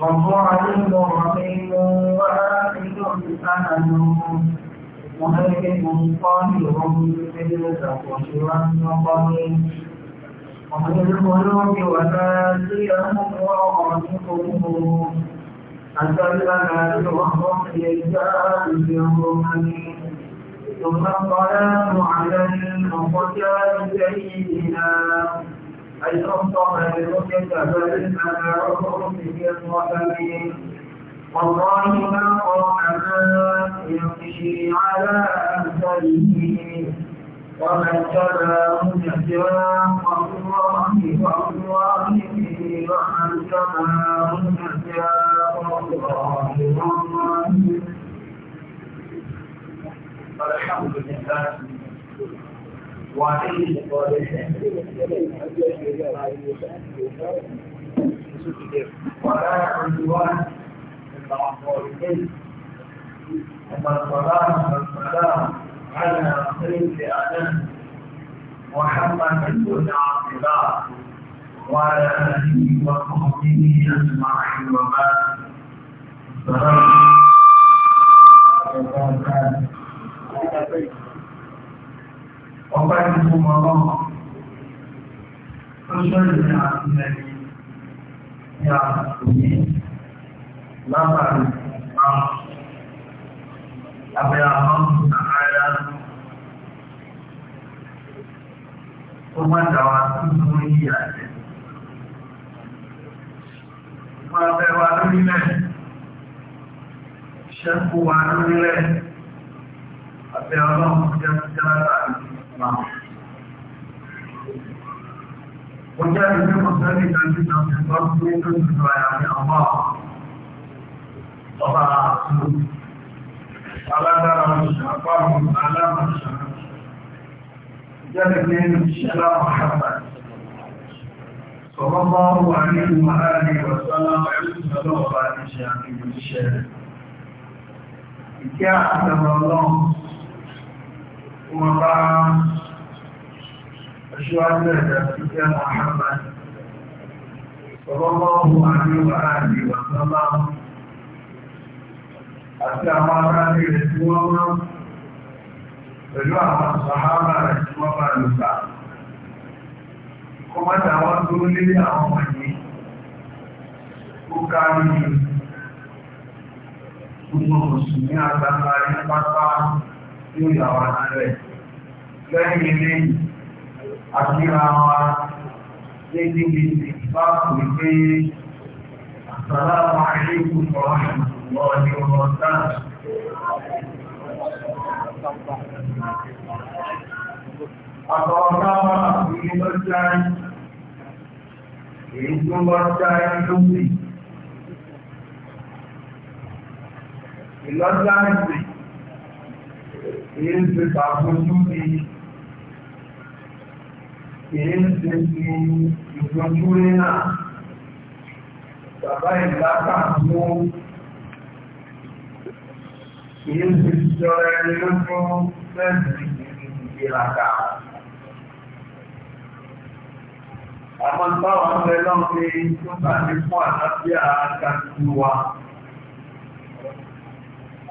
وظالم رقيب واخذ أهله مهيمن طاهر بالتقوى والنقم ومن الخلوق وتاليهم ورافقهم أتى الأنام وهم رجال بالرمل ثم الصلاة على المقتل سيدنا أي أخطأ برؤية بل أنا رؤية وفمين والله ما قطعنا يمشي على أهله ومن تبعه نجاه والله والله ومن تبعه نجاه والله والله الحمد لله وعليه ولا عدوان إلا الظالمين ثم والسلام على خير أدم محمد بن عبد وعلى آله وصحبه أجمعين وبعد السلام عليكم ورحمة الله وبركاته ọba ní mo mọ ọlọ́mọ lọ́jọ́ ìrìn àti ẹ̀yìn ní àbòyí lábàárí àwọn abẹ́ àwọn àkàrà tó má dáwà tó mú yí àjẹ́. Máa bẹ wa lórílẹ̀, ṣẹ́kù wa lórílẹ̀, abẹ́ ọlọ́run jẹ́ jẹ́ látàrí. نعم وكان في مسألة أن في الأرض من تنسى يعني الله وضع سلوك فلا ترى الشيطان من علامة الشمس جلب من الشلام محمد صلى الله عليه وآله وسلم يسمى لغة الشياطين الشارع. إذا أعلم الله kuma ba ashiwajar da suke muhammad sallallahu alaihi wa alihi wa sallam àti àwọn ará ní rẹ̀ tí wọ́n rán pẹ̀lú àwọn sàhábà rẹ̀ tí wọ́n bá lùgbà kọmọ́dà wọ́n tó lé àwọn ọmọ yìí ó kárí gbogbo mùsùlùmí àgbàmà rí pápá tí ó yà wá lálẹ́ lẹ́yìn ilé àkíra wa lédè gbèsè bá kò gbé àsàlámù àlékún ọ̀hún lọ́ọ̀ni ọmọ sáà. Àtọ̀ọ̀ká èyí tó lọ́jà lórí. Ìlọ́jà ìgbèsè èyí ṣe tàbójú ní èyí ṣe ti ìgbójú rí náà bàbá ìlàkà mú èyí ṣe ti jọra ẹni lójú fẹ́ẹ̀sì ìgbìlàkà àwọn táwọn ọmọ ẹlọ́run ní tó bá ní fún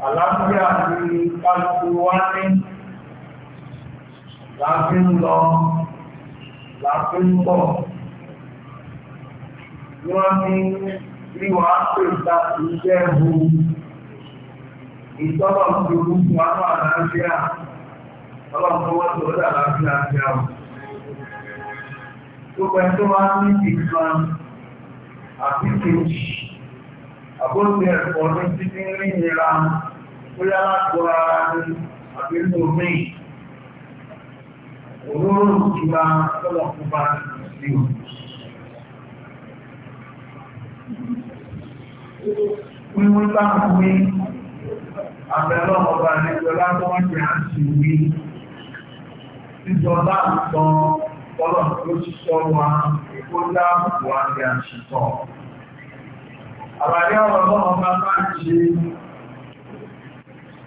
àlàáfíà ní kálùkù wá ní láti ń lọ láti ń bọ̀ wọ́n ní bí wàá pè ta iṣẹ́ bu ìtọ́lọ̀ tó ń fún àwọn àlàáfíà ọlọ́pàá wọ́n tó dà láàáfíà àti àwọn. Gbogbo tó wá ní ìkan àti kejì àbóṣe ẹ̀kọ́ ní títí ń rí ìnira bóyá lágbọ́ ara ní àgbélú omi òróró ìjọba lọ́lọ́ fún bá sí o. Wíwí bá ń wí àbẹ̀lọ́ ọba nígbẹ̀lá tó jẹ́ àti wí. Ìjọba àtọ́ ọlọ́ ló ti sọ wa kó dáàbò wa ní àṣìkọ́. Àbàdé ọ̀rọ̀ náà bá bá ń ṣe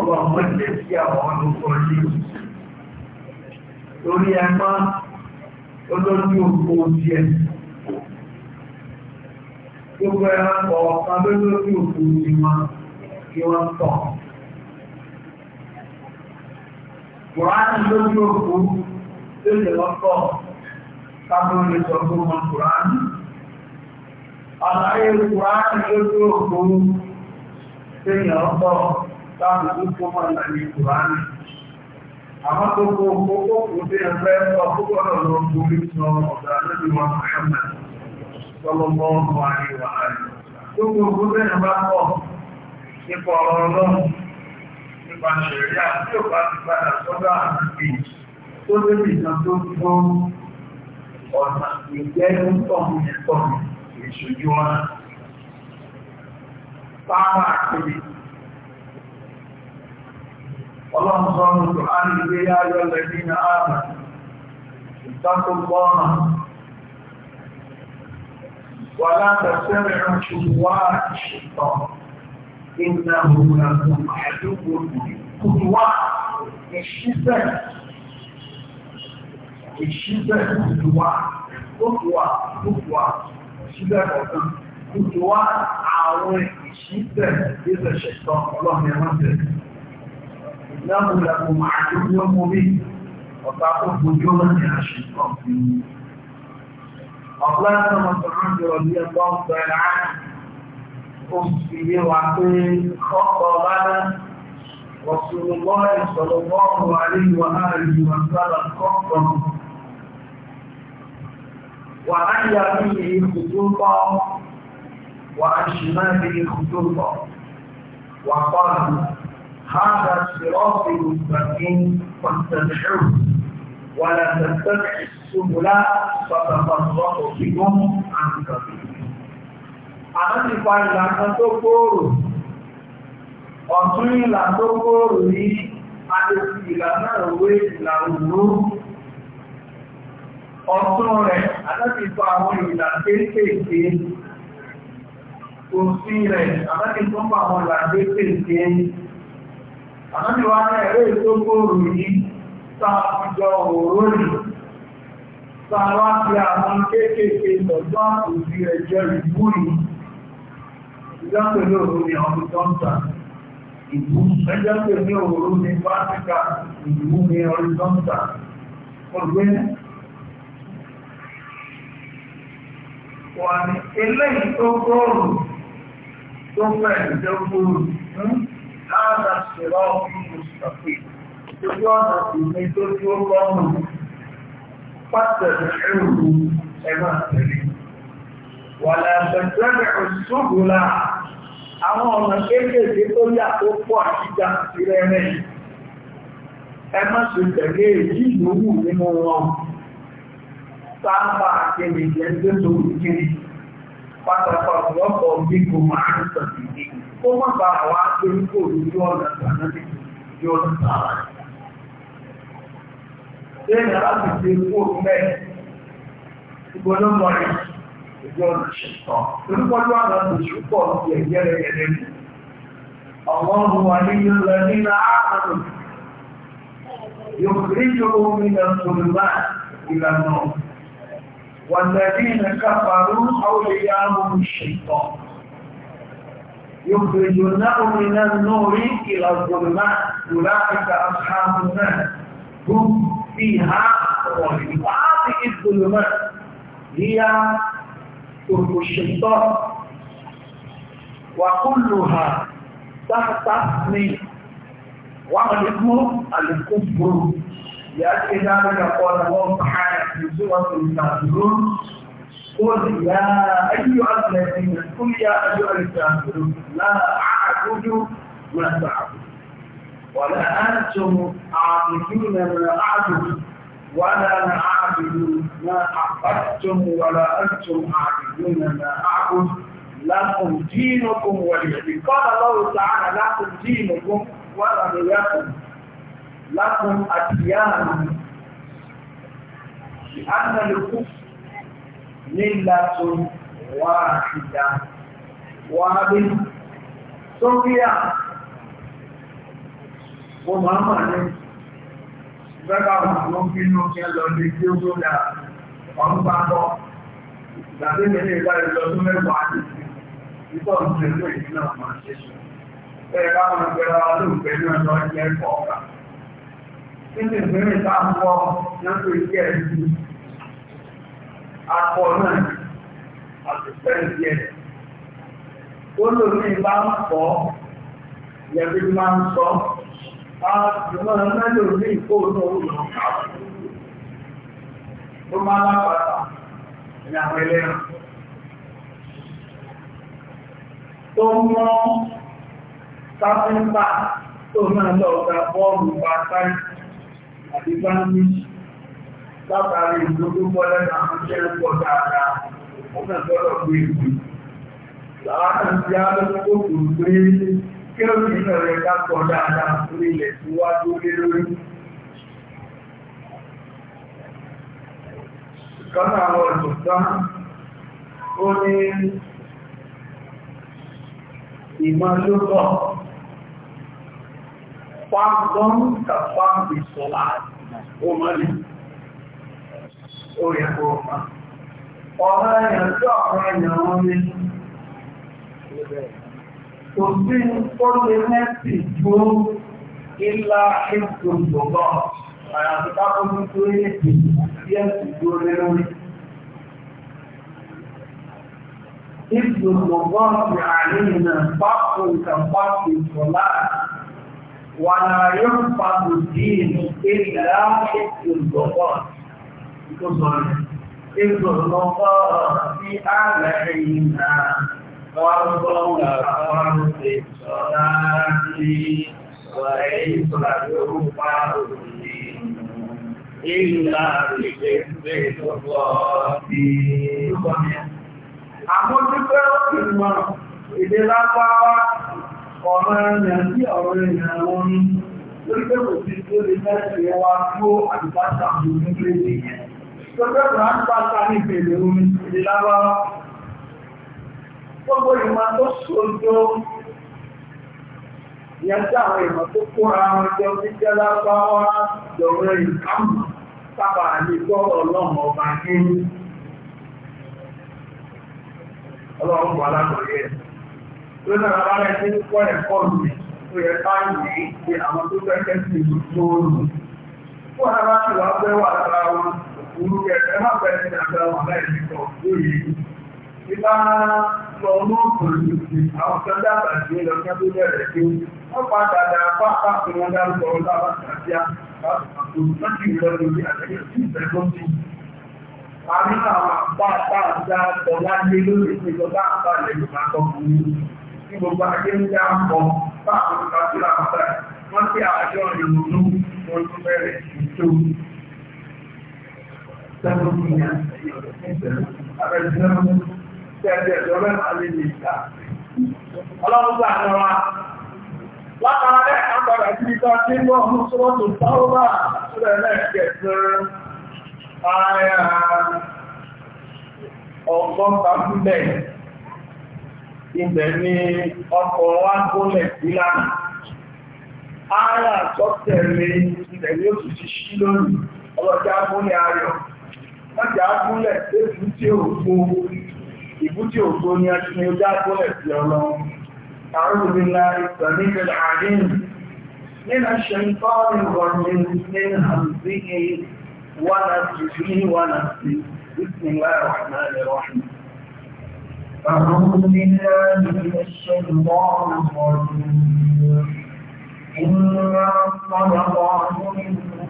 اللهم اجلس يا معلم قريب lórí ẹmá olójú òkú jẹ gbogbo ẹranko ọ̀kan ló lórí òkú jẹ ma kí wọ́n tọ̀ kùránì lójú òkú tó lè wọ́n tọ̀ kábọ̀ lè sọ fún ọmọ kùránì àlàyé kùránì lójú òkú tó lè wọ́n tọ̀ ìsáàmù tó kó mọ́ ìlànà ìkùránì àwọn tó kó kókó kò dé ẹgbẹ́ ẹgbẹ́ púpọ̀ lọ́rọ̀ orí sọ ọ̀dà lórí wọn Muhammad sọlọ́mọ́ ọmọ àríwá rẹ̀ tó kó kó dé ẹgbẹ́ pọ̀ nípa ọ̀rọ̀ ọlọ́run nípa ṣẹ̀ríà tí ò bá ti padà sọ́dọ̀ àti tó lé ìtàn tó tó ọ̀nà ìjẹ́ ń tọ̀mù ìṣojú wọn. Pápá àkèrè اللهم صل على القرآن يا أيها الذين آمنوا اتقوا الله ولا تتبعوا خطوات الشيطان إنه لكم عدو خطوات الشيطان الشيطان خطوات خطوات خطوات الشيطان خطوات àwọn ìṣíbẹ̀ ìgbésẹ̀ ṣẹ̀tọ́ ọlọ́run ẹ̀wọ̀n tẹ̀lé إنه لكم عدو مبين وتعطف وجوها على الشيطان أطلع سمع في رضي الله تعالى عنه أصفي وعطيه خطى لنا رسول الله صلى الله عليه وآله وسلم خطا وعن يمينه خطوطا وعن شماله خطوطا وقال هذا صراط مستقيم فاتبعوه ولا تتبع السبل فتفرق بكم عن سبيله àwọn ti لا تقول، tó kóòrò ọ̀tún ìlà tó kóòrò ní adòsí ìlànà òwe ìlà òwúrò ọ̀tún rẹ̀ aláti pa àwọn ìlà kéékèèké òfin rẹ̀ aláti tó àwọn ìlà kéékèèké Ànábì wa ní ẹ̀rẹ́ ìtókòrò yìí sáàjọ òró nì, sáàwá ti àwọn kéékèèké lọ́jọ́ àkòsí ẹjọ́ ìbú yìí. Ìjọ́pẹ̀ ní òru ni ọdún tó ń tà ìbú. Ẹjọ́pẹ̀ ní òru ni tó ń tà. Ọgbẹ́ هذا الصراط المستقيم تجوانا من تجو الله فاتبعوه كما تريد ولا تتبعوا السبل àwọn ọ̀nà kéékèèké tó yà tó pọ̀ àṣíjà sí rẹ̀rẹ̀ ẹ má ṣe tẹ̀lé èyí ìlówù nínú wọn sáàpà àkèrè ìjẹ́ tó lórí kiri pátápátá lọ́pọ̀ gbígbó máa ń sọ̀tìdì kó má ba àwọn agbẹnukọ lójú ọ̀nà ànábì lójú ọ̀nà sára. Lẹ́yìn aláàbò ti kú òun bẹ́ẹ̀, ìgbọ́dọ̀ mọ̀ ní ojú ọ̀nà ṣẹ̀tọ̀. Olúkọ́jú àná lòṣù pọ̀ sí ẹ̀yẹ rẹ̀ yẹ̀rẹ̀ mi. Ọlọ́run wa ní ilẹ̀ nínú ààrùn. Yòkúrìjọ́ mi nà sọ̀rọ̀ ìlànà. Wàlẹ́bí nà kápárù àwọn ìyá àwọn ìṣẹ̀tọ̀. يخرجونه من النور إلى الظلمات أولئك أصحاب النار هم فيها خالدون وهذه الظلمات هي ترك الشيطان وكلها تحت من وغلقه الكفر لأجل ذلك قال الله تعالى في سورة الكافرون قل يا أيها الذين قل يا أيها الكافرون لا أعبد ما تعبدون ولا أنتم عابدون ما أعبد ولا أنا أعبد ما عبدتم ولا أنتم عابدون ما أعبد لكم دينكم ولي قال الله تعالى لكم دينكم ولا لكم لكم أديانكم لأن الكفر ملة واحدة وابن صوفيا وماما Bẹ́gbà wọn fi inú kí ẹ lọ lè tí ó tó dà ọdún bá bọ́. Ìgbàdé ìgbà ìjọ tó mẹ́wàá ní ìtọ́ ìjọ ìjọ máa ṣe ṣe. Bẹ́ẹ̀ bá wọn ìgbẹ̀rẹ̀ akọ náà àtìpẹ́ǹtì ẹ̀. ó lò ní ìbá ń kọ́ ìyẹ̀bí máa ń sọ àtìmọ́ mẹ́lò ní ìkóòtò òun ó máa lápàtà ní àwọn ẹlẹ́rìn tó mọ́ káfíńpà tó náà lọ́ọ̀ta bọ́ọ̀lù pàtàkì àti bá ń méjì látàrí ìlúgbó mọ́lẹ́ àwọn iṣẹ́ ń pọ̀ dáadáa wọ́n náà gbọ́dọ̀ gbé ìlú. Làwọn ti á lọ kó kò gbé kí ó sì náà rẹ̀ ká pọ̀ dáadáa lórí ilẹ̀ tí wá tó lé lórí. Kọ́nà àwọn ọ̀dọ̀tán ó ní ìmọ̀ ló bọ̀. Fáàmù kan ìsọ̀lá ó mọ́ nìyí orí ẹ̀kọ́ ọ̀pá. Ọ̀rọ̀ ẹ̀yàn tí àwọn èèyàn wọn ní. Kò sí tó lè mẹ́sì tó ilá ìgbòǹgbò àyàfi kápọ́jú tó yé èdè bí ẹ̀sì tó lé lórí. Ìgbòǹgbò bọ́ọ̀sì àárín náà pápò ìkàpápò ìfọ̀lá wà náà yóò pàtó dín ìlà ìgbòǹgbò bọ́ọ̀sì. الكفر اذكر الله في lápáwá ọ̀rọ̀ ẹ̀yà sí ọ̀rọ̀ ẹ̀yà wọn ní lórí pé kò sí lè mẹ́rin ẹwà tó àdìbáṣà tó ní lé nìyẹn. Gbogbo ọ̀rọ̀ ń pàtà ní ìbèèrè omi ìlàwọ́. Gbogbo ìmọ̀ tó ṣojú ìyájá àwọn ìmọ̀ tó kóra wọn jẹ́ oníjẹ́ lágbáwá lọ́rọ̀ ìkámù sábà ní gbọ́rọ̀ ọlọ́mọ ọba ní ọlọ́run wà tí kọ́ ẹ̀kọ́ mi yẹ ẹ má bẹ̀rẹ̀ ní àgbàwọn aláìsíkọ̀ lórí ìlú. Ìbá lọ mọ́ pẹ̀lú ti àwọn sọ́jà àtàjì lọ kí wọ́n bẹ̀rẹ̀ tó. Wọ́n pa dàda pápá tí wọ́n dá lọ lára àtàjá láti àpá àpá seventeen years ẹgbẹ̀rún tẹ̀lé ẹ̀dọ́rẹ́ alẹ́ lè ta. ọlọ́run gbà ní wa látara bẹ́ẹ̀ ká padà sí ibi kan tí wọ́n mú sọ́wọ́ tó táwọ́ bá sílẹ̀ lẹ́ẹ̀kẹ̀sán ara ọgọ́ta sílẹ̀ ibẹ̀ ni ọkọ̀ wa gólẹ̀ sí lánàá. Ara àtọ́tẹ̀lé ilẹ̀ yóò ti ṣí lónìí, ọlọ́jà fún ní mọ́jà gúnlẹ̀ tẹ́bù tí ó gbó ìbú tí ó gbó ní ọdún ni ó já gúnlẹ̀ sí ọlọ́run àwọn òmìnira ìsànlẹ̀ ìfẹ̀lẹ̀ àárín nínú ṣe ń tọ́ ìrọ̀rùn nínú àmì wọ́n á ti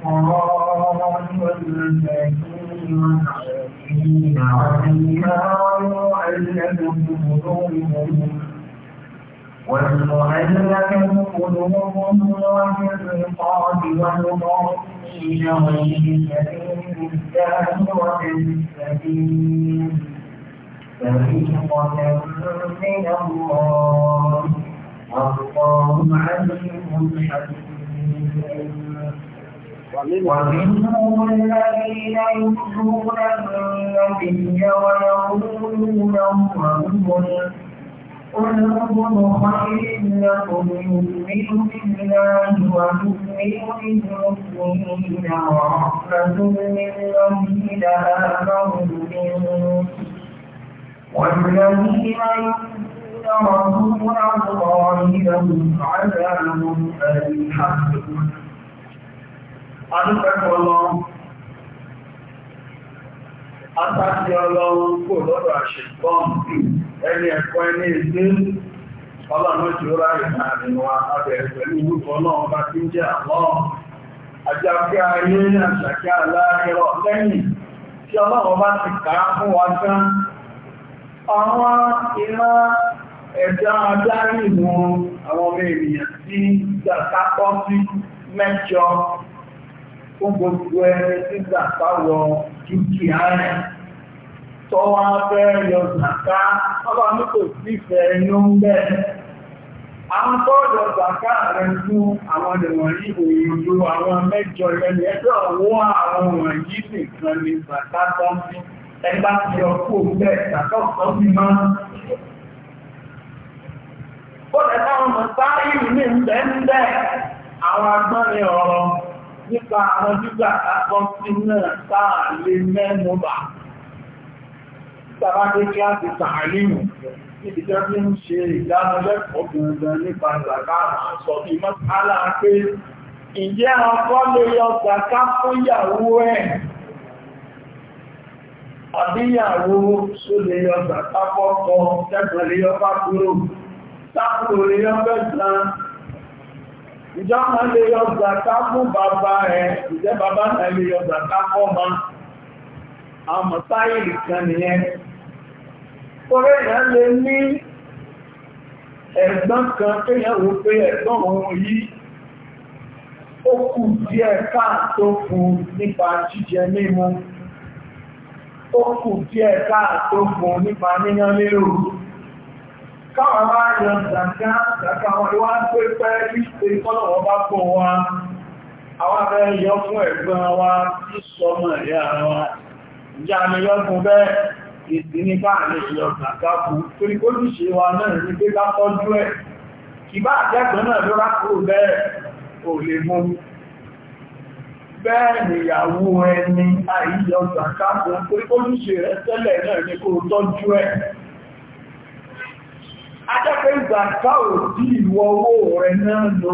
والمؤلفة قلوبهم وفي الرقاب والغافلين وفي سبيل الله وفي السبيل فريقة من الله والله عليم حكيم ومنهم الذين يؤذون النبي ويقولون هو قل هو خير لكم يؤمن بالله ويؤمن بالمسلمين ورحمة للذين آمنوا منكم والذين يؤمنون رسول الله لهم عذاب أليم adúpẹ́kọ̀ lọ atájí ọlọ́run kò lọ́dọ̀ àṣìgbọ́n ẹni ẹ̀kọ́ ẹni èdè ọlọ́run tí ó ráyè láàrin wa abẹ̀rẹ̀ pẹ̀lú orúkọ náà bá ti ń jẹ́ àlọ́ àjàkẹ́ ayé àṣàkẹ́ aláàrẹ̀rọ̀ lẹ́yìn tí ọlọ́run bá ti kà á fún wa tán àwọn iná ẹ̀dá adárí fún gbogbo ẹni nígbà táwọ dúkìá rẹ̀ tọ́wọ́ fẹ́ yọ zàká ọba mi kò sífẹ̀ inú ń bẹ̀. àwọn tọ́jọ zàká rẹ̀ fún àwọn ìwọ̀nyí òyìnbó àwọn mẹ́jọ àwọn wọ̀nyí nìkan ni zàká tọ́ sí ọkọ̀ zàká ọ̀tọ́ sí bọ́dẹ̀ táwọn mọ̀ ń àwọn nípa àwọn gbígbà àkọsí náà sáà lè mẹ́nu bà. Tàbá dé kíláàsì tààlìmù níbi tẹ́ fi ń ṣe ìdánilẹ́kọ̀ọ́ gbọ̀ngàn nípa ìlàkà àṣọ bí mọ́sálà pé ìjẹ́ ọkọ lè yọ gbàká fún ìyàwó ẹ̀. Àbíyàwó ṣó lè yọ gbàká fọ́kọ, tẹ́gbọ̀n lè yọ bá kúrò, sáàkùrò lè yọ bẹ́ẹ̀ ìjọ máa lè yọ zàká fún bàbá ẹ̀ ìjẹ́ bàbá náà lè yọ zàká fọ́mọ àmọ́ sáyìlì kan nìyẹn torí èèyàn lè ní ẹ̀gbọ́n kan kéèyàn wò pé ẹ̀gbọ́n òun yìí ó kù díẹ̀ káàtó fún nípa jíjẹ mímu ó kù díẹ̀ káàtó fún nípa níyán lérò káwọn bá yọ zàká zàká wọn ni wọ́n pé pẹ́ ìpè kọ́nà wọn bá fún wa àwọn abẹ́ yọ fún ẹ̀gbọ́n wa tí sọmọ ẹ̀yà wa ìjà mi yọ fún bẹ́ẹ̀ ìdí ní bá yọ zàká fún torí kó ní ṣe wa náà ní pé ká tọ́jú ẹ̀ kì bá àjẹ́gbọ́n náà ló rákòó bẹ́ẹ̀ ò lè mú bẹ́ẹ̀ nìyàwó ẹni àìyọ zàká fún torí kó ní ṣe rẹ̀ tẹ́lẹ̀ náà ní kó tọ́jú ẹ̀ Ajẹ́pẹ́ ìgbàká ò dí ìwọ owó rẹ̀ náà lọ.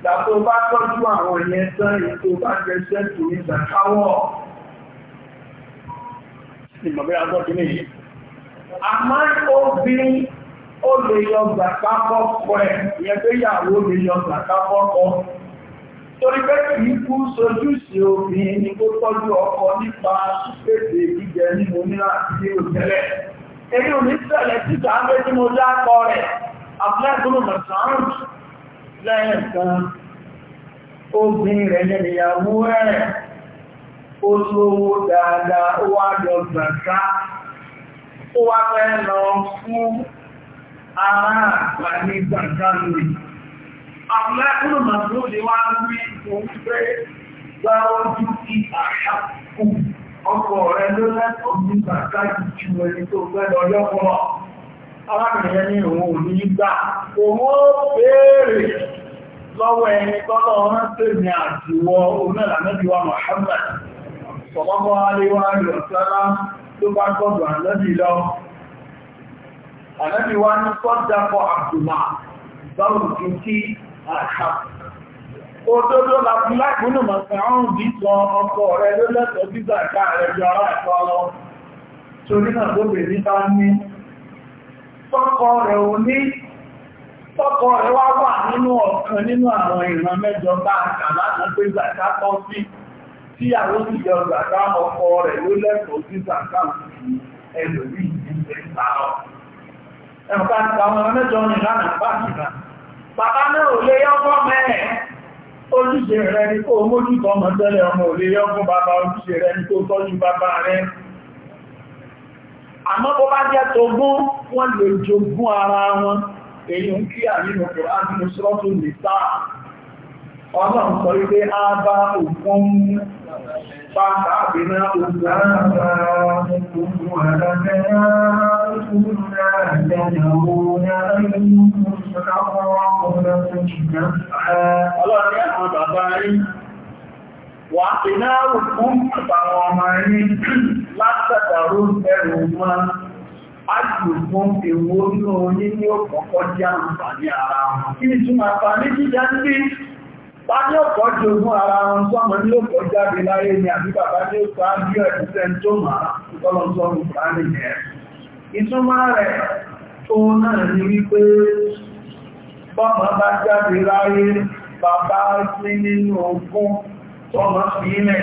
Ìgbà tó bá tọ́jú àwọn ìyẹn tán ètò bá gẹ̀ẹ́sẹ́ tó ní ìgbàkáwọ̀. Ìmọ̀bí agbọ́dún nìyí. Àmọ́ obìnrin ó lè yọ gbàká fọ́kọ ẹ̀, ìyẹn pé ìyàwó lè yọ gbàká fọ́kọ. Torí pé kì í kú sojúṣe obìnrin ni tó tọ́jú ọkọ nípa pèsè jíjẹ nínú nílá sí òtẹ́lẹ̀ èyí ò ní ṣẹlẹ̀ sí ìjàmbé tí mo dákọ rẹ̀ aflẹ́gbùnù mọ̀sánrùn lẹ́yìn kan obìnrin rẹ̀ ní ìyàwó ẹ̀ ó lówó dáadáa ó wá lọ gbàgbá ó wá fẹ́ lọ fún ará àgbà ní gbàgbá lè aflẹ́gbùnù mọ̀sánrùn lè wá ń rí ìfòwúfẹ́ gbáwọ́jú sí àṣàkùn ọkọ rẹ ló lẹ́tọ̀ọ́ ní bàtà jù ẹni tó fẹ́ lọ yọ́pọ̀ arákùnrin ní òun ò ní gbà òun ó béèrè lọ́wọ́ ẹni tọ́lọ́ ọ̀rán tèmi àtiwọ́ onílànàbíwá Muhammad sọ̀pọ̀pọ̀ aléwá ìrọ̀sára tó bá gbọ́dọ̀ ànábì lọ ànábì wá ní sọ́dàpọ̀ àbdùmá báwo kí kí àkàkù Òdodo làbúláàbù ní Màkàrún bí sọ ọkọ rẹ̀ ló lẹ́tọ̀ọ́ sí zàká rẹ̀ jọ ará ẹ̀kọ́ lọ. Torí náà tó bèèrè bá ní. Tọ́kọ rẹ̀ ò ní, tọ́kọ rẹ̀ wá wà nínú ọ̀kan nínú àwọn ìran mẹ́jọ bá àkà láti pé tọ́ sí. Tí àwọn rẹ̀ ló sí ojúṣe rẹ ni kó mójútó ọmọ tẹ́lẹ̀ ọmọ òlè yọ́gbọ́n bàbá ojúṣe rẹ ni kó tọ́jú bàbá rẹ àmọ́ bó bá jẹ́ tógún wọ́n lè jogún ara wọn èyí ń kí àrínú kòránù sọ́tù فأصحابنا أسامة ولكناتنا تدعون أيهم أقرب لكم نفعا الله يا باباي Wàtíná òkun àtàwọn ọmọ ẹni látàdàrú ẹrù wọn, a jù fún èwo ní orí ní òkùnkọ́ jẹ́ àǹfààní ara wọn. Kí ni túnmà àǹfààní jíjá ń bí bá ní ọ̀pọ̀ jù fún ara wọn sọ́mọ ní ó kọ̀ jáde láyé ni àbí bàbá ní ó sọ ájú ẹ̀dúnṣẹ́ tó máa tọ́lọ sọ́run fúránì yẹn ìtumọ̀ rẹ̀ tó náà ní wípé bọ́mọ bá jáde láyé bàbá sí nínú ogún tọ́mọ sílẹ̀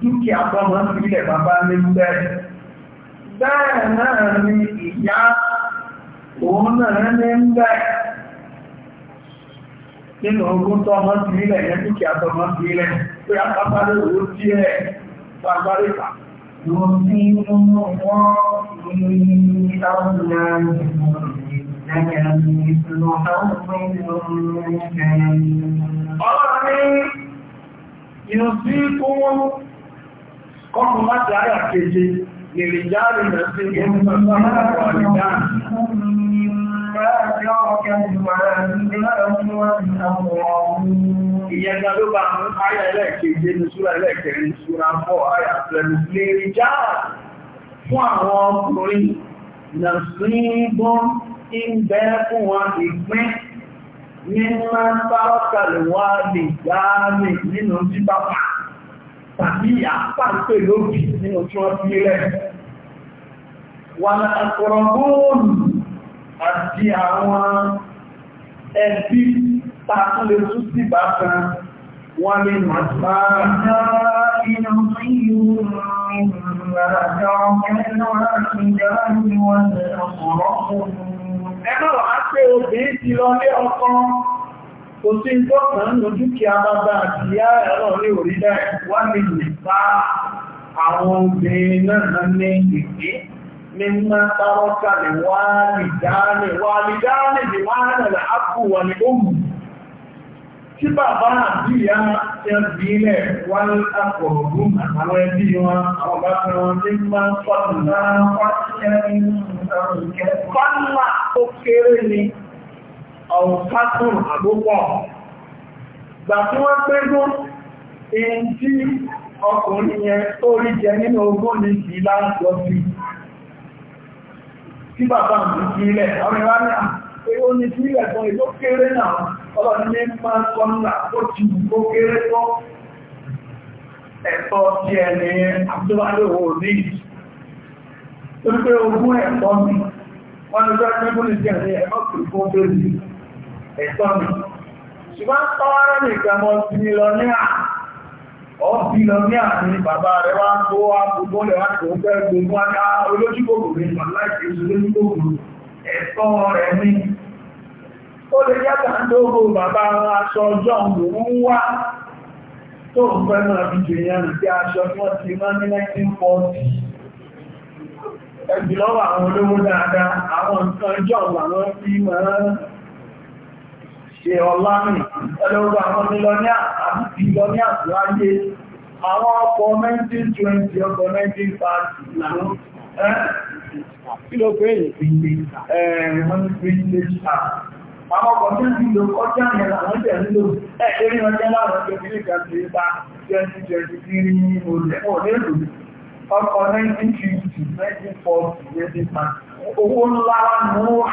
dúkìá tọ́mọ sílẹ̀ bàbá ní bẹ́ẹ̀ náà ni ìyá òun náà ní bẹ́ẹ̀ nínú ogún tó ọmọ sí ilẹ̀ yẹn dúkìá tó ọmọ sí ilẹ̀ pé apápárá owó díẹ̀ fagbáríkà wọ́n fi mú wọ́n ní ọ̀nà Ọlọ́rin inú sí fún kọ́kùn láti àyà keje lè rí ما ترك الوالدان والأقربون ìyẹn ló bá ń ayà ẹlẹ́ẹ̀keje ní súra ẹlẹ́ẹ̀kẹrin súra fọ́ ayà pẹ̀lú lérí jáà fún àwọn ọkùnrin nà síbọ́n ìgbẹ́ fún wọn ìpín nínú sáọ́kàlùwà lè dáàmì nínú tí bàbá tàbí àpàǹpẹ̀ lóbi nínú tí wọ́n fi rẹ̀ àti àwọn ẹbí tààtúlé tún sí bá kan wọ́n lè mọ̀ sáà inú ìlú Ẹgbọ́n wà pé obìnrin ti lọ lé ọkọ kò sí ìgbọ́kàn ní dúkìá bàbá àti ìyá ẹ̀rọ ní orílẹ̀ wà ní ìgbà àwọn obìnrin náà ní ìgbé مما ترك الوالدان والدان بمعنى الاب والام tí bàbá àti ìyá ti ń bí ilẹ̀ wọ́n àkọ̀ọ̀gùn àwọn ẹbí wọn àwọn bá fi wọn ní máa ń fọ́nà fọ́nà tó kéré ni ọ̀fásùn àgbópọ̀ gbà tí wọ́n pẹ́gún èyí tí ọkùnrin yẹn tó rí jẹ nínú ogún ní ìlànà sí tí bàbá mi sílẹ̀ àwọn ìwà ní àwọn ní sílẹ̀ kan èló kéré náà ọlọ́run ní máa sọ nígbà tó ti wù kó kéré tó ẹ̀tọ́ tí ẹni àbúrálẹ̀ ò ní tó pé ogún ẹ̀tọ́ mi wọ́n ní sọ pé kúrò sí ẹni ẹ̀mọ́ kò kó bèrè ẹ̀tọ́ mi ní lọ ní ọ̀bílọ ní àárín bàbá rẹ̀ wá tó wá gbogbo lẹ̀ wá tó fẹ́ gbogbo aká olójúgbògbò rẹ̀ wà láìsí olójúgbògbò ẹ̀tọ́ rẹ̀ ní ó lè yàtà bàbá aṣọ ọjọ́ òun wá tó ń fẹ́ fi jẹ sí aṣọ ní 1940 àwọn olówó dáadáa àwọn nǹkan ọjọ́ àwọn fi máa ṣe ọlámì ẹlẹ́gbà àwọn mílọ́níà àti bílọ́níà tó ayé àwọn ọkọ̀ 1920 ọkọ̀ 1930 làwọn kí ló pé ẹ̀rùn vintage car àwọn ọkọ̀ tí ń lò kọjá yẹn làwọn jẹ́ ń lò ẹ̀ẹ́rí ọjọ́ láwọn ọjọ́ bí nìkan ti bá 2023 olè ọkọ̀ 1950 1940 owó ńlá wà ní wà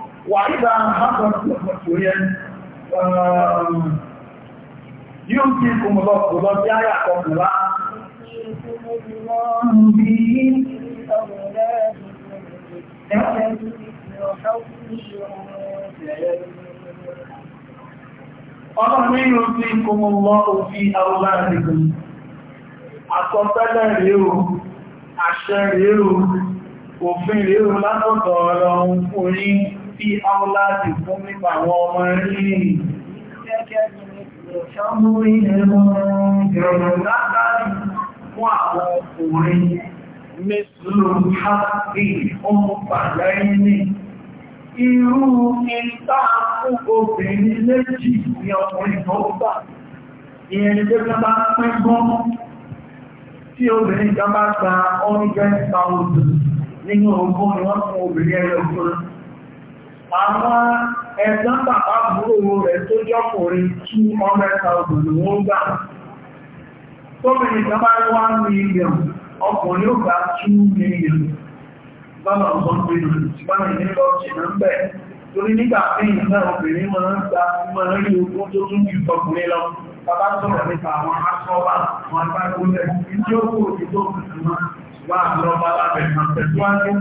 وإذا حضرت المسؤولين يمكنكم الله قضاء يا يعقوب الله Ọlọ́run ní ìrùsí ìkùnmù lọ òfin àwọ̀láàdìkù. Àkọ̀tẹ́lẹ̀ rèé o, àṣẹ rèé o, òfin rèé o látọ̀tọ̀ fún yín fi áwọ́láti fún nípa àwọn ọmọ rí fún àwọn ọkùnrin mẹ́sùlù hápí ọmọ pàdáyé ní irú ìta fún obìnrin méjì ní ọkùnrin tó gbà ìyẹn ni pé bá pín gbọ́n tí obìnrin kan bá gba 100,000 nínú ogún ni wọ́n fún obìnrin ẹgbẹ̀rún àwọn ẹ̀sán bàbá búrò rẹ̀ tó jọ́kùnrin 200,000 ni wọ́n gbà tóbìnrin kan bá 1 million ọkùnrin ó gbà 2 million lọ́nà ọ̀gbọ́n pẹ̀lú ìsìnkánà ìnílọ́ jìnà ń bẹ̀ torí nígbà tí ìyàn obìnrin máa ń gba máa ń rí ogún tó tún ju ọkùnrin wà lọ́ba lábẹ̀ kan tẹ̀síwájú.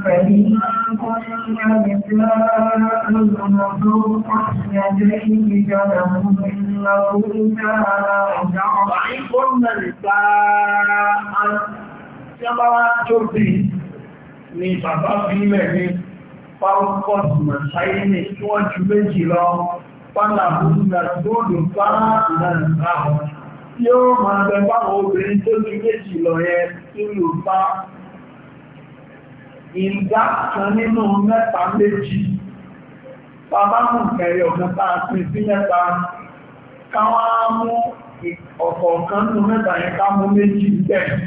Tí a bá wá tóbi ni bàbá bí ilẹ̀ ní Fáwọ́kọ́sì Màṣáyé ní tí wọ́n ju méjì lọ, Fáàlà Bùsùlẹ̀ tó dùn fáà náà ráhùn tí ó máa bẹ báwọn obìnrin tó ní méjì lọ yẹn nílùú bá ìdá kan nínú mẹ́ta méjì bàbá mú kẹrẹ ọ̀gbẹ́ta àti sí mẹ́ta káwọn á mú ọ̀kọ̀ọ̀kan nínú mẹ́ta yẹn ká mú méjì bẹ́ẹ̀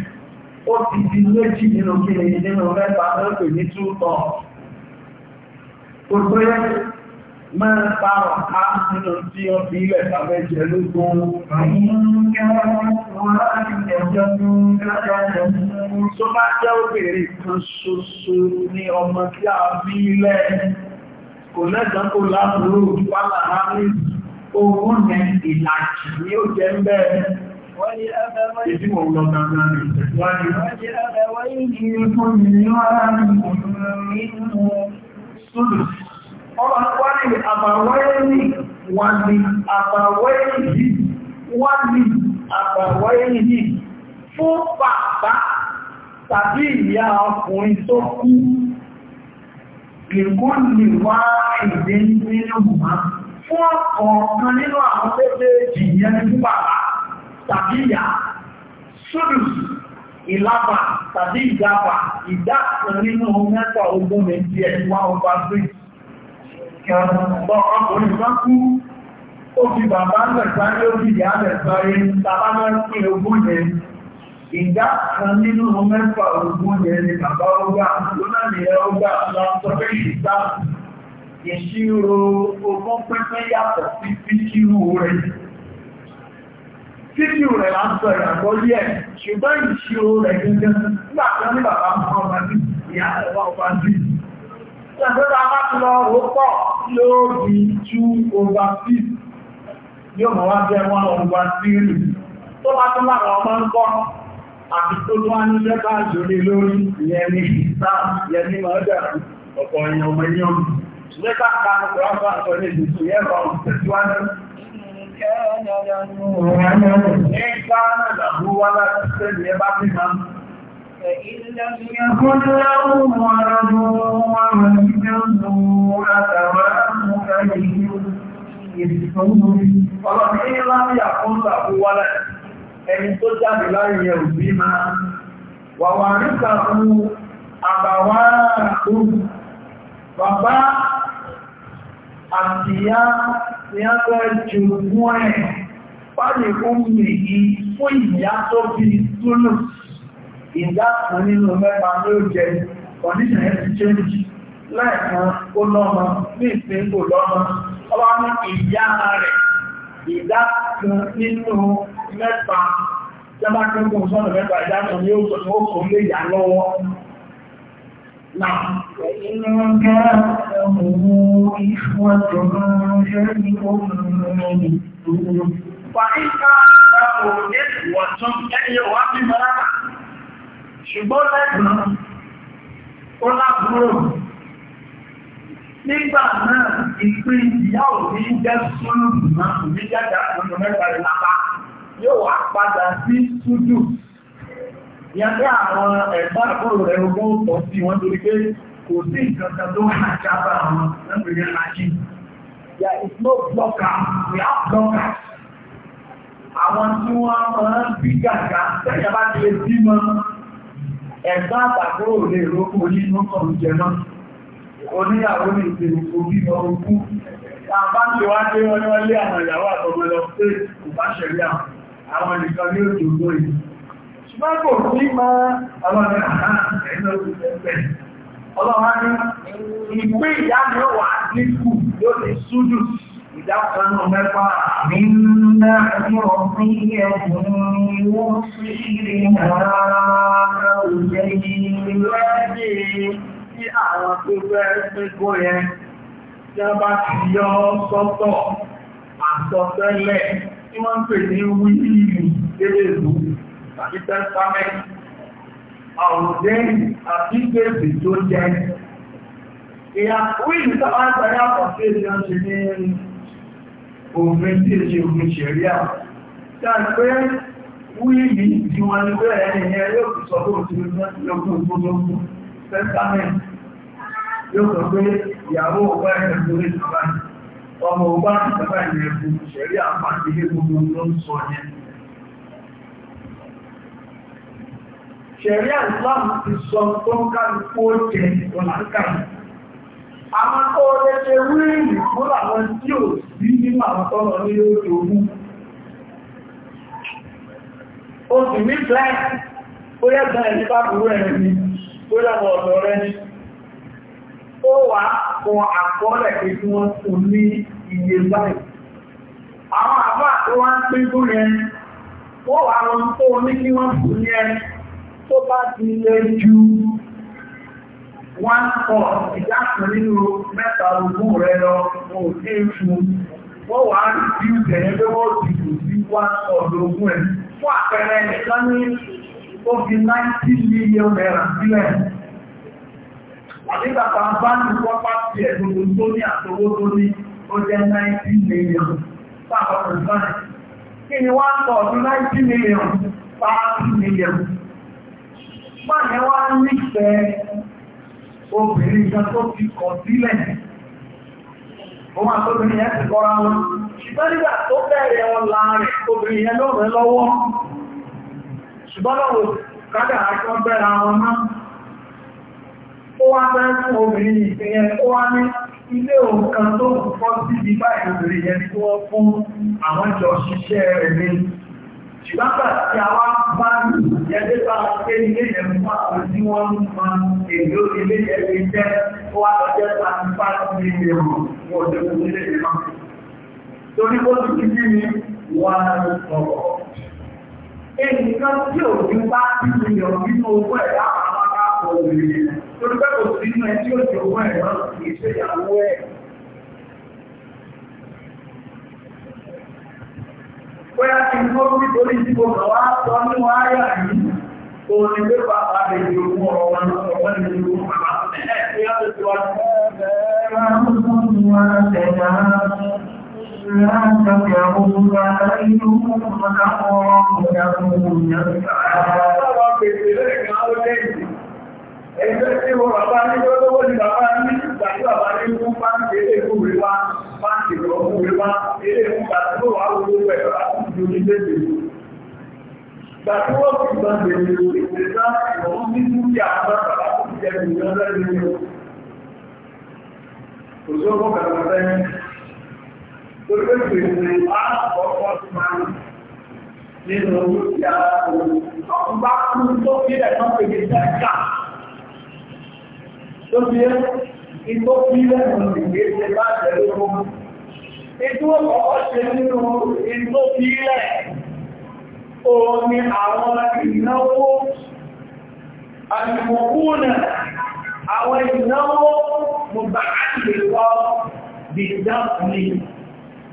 ó ti di méjì nínú kíni nínú mẹ́ta lọ́pẹ̀ ní túùtọ̀ gbogbo máa pàrọ̀ á tí ó fi ilẹ̀ tàbẹ́ jẹ lógún kò lẹ́gbọ́n kò lábúrò wálà rárí ohun ní ìlàjì ní ó jẹ́ ń bẹ́ẹ̀ Ìdí mò ń lọ gbàgbà rẹ̀ Wọ́n jẹ́ ẹgbẹ̀wọ́ ìgbìyànjú fún ọ̀rọ̀ wáyé àbàwẹ́yìí wọ́n ni àbàwẹ́yìí wọ́n ni àbàwẹ́yìí fún bàbá tàbí ìyá ọkùnrin tó kú ìgbóhùnlè wá ìdí nínú mọ́ fún ọ̀kan nínú àwọn méjèèjì yẹn fún bàbá tàbí ìyá ṣúdù ìlàbà tàbí ìjàbà ìdá kan nínú mẹ́ta ogún méjì ẹ̀ wá ọba bíi kan bọ́ ọkùnrin bá kú ó fi bàbá lẹ̀sáyé ó fi ìyá lẹ̀sáyé tàbá mẹ́rin ogún yẹn ìdá kan nínú mẹ́fà ogún yẹn ni bàbá ọgbà lónàlẹ̀ ọgbà lọ́sọ́fẹ́ ìṣìta ìṣirò ogún pínpín yàtọ̀ sí fíkírù rẹ̀ títí rẹ̀ là ń sọ ìrànlọ́ yẹ ṣùgbọ́n ìṣirò rẹ̀ gẹ́gẹ́ nígbà tí wọ́n ní bàbá ọmọ ọmọ ní ìyá ẹ̀wà ọmọ ní Ṣẹ̀fẹ́ta bá ti lọ rọ́pọ̀ yóò di 2 over 6 yóò mọ̀ wá jẹ́ 1 over 3. Tó bá tún lára ọmọ ń kọ́, àti tó tún wá ní lẹ́bà ìjòlé lórí ìyẹn ní ìsáà ìyẹn ní mọ́ọ́dà ọ̀pọ̀ èèyàn ọmọ ẹ̀yọ́. Lẹ́bà kan rọ́pọ̀ àtọ́lé ìdìbò yẹn bọ̀ tẹ̀síwájú. Ìkẹ́ فإن لم يكن له ولد ومسجده أتواه فليه Ọlọ́run ní láti àkóńtà fún wálẹ̀ ẹni tó jáde láyé yẹ òbí máa wà wà nípa fún àbàwà àkóhù. Bàbá àti ni a fẹ́ jù fún ẹ̀ pàdé fún mi fún ìyá tó fi túnú ìdá kan nínú mẹ́ta ló jẹ condition yẹn ti change lẹ́ẹ̀kan ó lọ́mọ ní ìsìn kò lọ́mọ ọba ní ìyá rẹ̀ ìdá kan nínú mẹ́ta jẹba tí ó kún sọ́nà mẹ́ta ìdá kan ní ó kò lè yà lọ́wọ́ Náà, inú gẹ́rẹ́ ọmọ ìfún ọjọ́ ṣe ní ọmọ Fàíkà àwọn òṣèlú ọ̀tún ẹni yóò wá bí mọ́ra ṣùgbọ́n lẹ́gbọ̀n ó lábúrò nígbà náà ìpín ìyá òní jẹ́ súnú náà òní jẹ́jà ọmọ mẹ́ta rẹ̀ lápá yóò wá padà sí súdù yàtọ̀ àwọn ẹ̀gbá àbúrò rẹ̀ ogún ọ̀pọ̀ sí wọn torí pé kò sí nǹkan kan tó wà jábà àwọn lẹ́gbẹ̀rẹ̀ lájí there is no blocker we àwọn tí wọ́n máa ń bí gàgà sẹ́yìn bá ti lè ẹ̀gbá àtàkùrò lè rókù nínú ọ̀rùn jẹmọ́ oníyàwó ní ìpèrèkò bí ọkú tàbá tí wá dé wọ́n lé àwọn ìyàwó àtọmọlọ pé kò bá ṣẹ̀rí àwọn nìkan ní òjò lóyìn ṣùgbọ́n kò sí máa àwọn ìdákanú mẹ́fà ní ńlá ẹjọ́ sí ẹkùn wọ́n sí ìrìn àárá òjò ìrìnlẹ́dẹ̀ tí àwọn tó fẹ́ pẹ́kọ́ yẹn tí a bá ti yọ sọ́tọ̀ àsọtẹ́lẹ̀ tí wọ́n pè ní wíìlì délèlú tàbí tẹ́stámẹ́tì ìyàwó ìlú táwọn àgbàyà pọ̀ sí èdè ọ̀sẹ̀ ní òfin tí èṣe òfin ṣẹ̀ríà dáadé pé wíìlì tí wọ́n ní pé ẹ̀yìn yẹn yóò sọ pé òtún lọ́gbọ̀n tó lọ́gbọ̀n testament yóò sọ pé ìyàwó ọgbà ẹ̀yẹ lórí ìjọba ọmọ ọgbà ìjọba ìyẹn bu ṣẹ̀rí àpàtì ilé gbogbo ló ń sọ yẹn ṣẹ̀rí àìsàn ti sọ tó ń kálukú ó jẹ ọ̀làǹkàlù àwọn tó lẹ́ṣe wíìlì fún àwọn tí ò sí nínú àwọn tọ́lọ ní orí ogun ó sì ní black ó yẹ́gbọ́n ẹni bá burú ẹni ó yẹ́gbọ́n ọ̀dọ̀ rẹ ni ó wà fún àkọọ́lẹ̀ pé kí wọ́n fún ní iye báyìí àwọn àbá tó wá ń pín fún yẹn wọ́n wà lọ tó ní kí wọ́n fún yẹn tó bá ti lè ju one four ìdákan nínú mẹ́ta ogún rẹ̀ lọ òun fún ó wà á rí bí ìtẹ̀yẹ pé wọ́n ti sí one four ogún ẹ̀ fún àpẹẹrẹ nìkan ní ó fi million naira sílẹ̀ nígbà tá a bá ní sí tó ní tó ní ó jẹ́ million kí ni wọ́n million obìnrin kan tó ti kọ̀ sílẹ̀ wọ́n máa tóbi ní ẹ̀sìn kọ́ra wọn ṣùgbọ́n nígbà tó bẹ̀rẹ̀ wọn láàrin obìnrin yẹn lọ́rẹ̀ lọ́wọ́ ṣùgbọ́n lọ́wọ́ kádà àkọ́ bẹ̀rẹ̀ àwọn náà ó wá bẹ́ fún obìnrin ìpínyẹn ó wá ní ilé òǹkan tó fọ́ sí ibi báyìí obìnrin yẹn tó wọ́n fún àwọn ìjọ ṣiṣẹ́ rẹ̀ ní Nígbà tí a wá bá ní ẹgbẹ́ bá ṣe ilé yẹn fún àwọn tí wọ́n ń mọ èdè ilé yẹn fi jẹ́ ó wá lọ jẹ́ pàtípá sí ilé wọn wọ́n ọjọ́ fún ilé yẹn náà. Torí ó ti fi kí ni wọ́n á lọ sọ̀rọ̀. Ènìkan tí ò ní bá ti fi yàn nínú owó ẹ̀ láwọn akáàkọ̀ òbí rẹ̀. Torí pé kò sí inú ẹ tí ò ti owó ẹ̀ náà kì í ṣe ìyàwó ẹ̀. bóyá kí n tó rí torí tí mo kàn wá sọ ní wáyà yìí kò ní pé bàbá rẹ̀ yìí ogún ọ̀rọ̀ wọn ní ọ̀pọ̀ ní ìlú bàbá ẹ̀ ẹ̀ ẹ̀ ẹ̀ ẹ̀ Ẹgbẹ́ tí ó bàbá ní tó lówó ní bàbá ní ìgbà tí bàbá ní fún bá ń é lè fún ìrọ̀ mú mi wá ilé ìgbà tó wà lórí ẹ̀rọ àtúntò ilé ìlú. Ìgbà tí wọ́n fi gbọ́n lè ní ìpèsè náà ìrọ̀ mú ní dúkìá bá bàbá tó ti jẹ́ ìgbà lẹ́nu ní o. Kò sí ọgbọ́n kàkà sẹ́yìn. Torí pé pèsè àkọ́kọ́ ti máa ń nínú dúkìá ọ̀hún bá kú tó fi ẹ̀ náà pèsè sẹ́ka. Tó fi ẹ́ ìtọ́jú lẹ́nu ìgbésẹ̀ bá jẹ́ lógún. Ètò ọkọ̀ ṣe nínú ìlú fílẹ̀, òun ni àwọn ìnáwó, àjùmọ̀kúnà, àwọn ìnáwó mọ̀gbà àti ìwọ́ bí ìdáàmì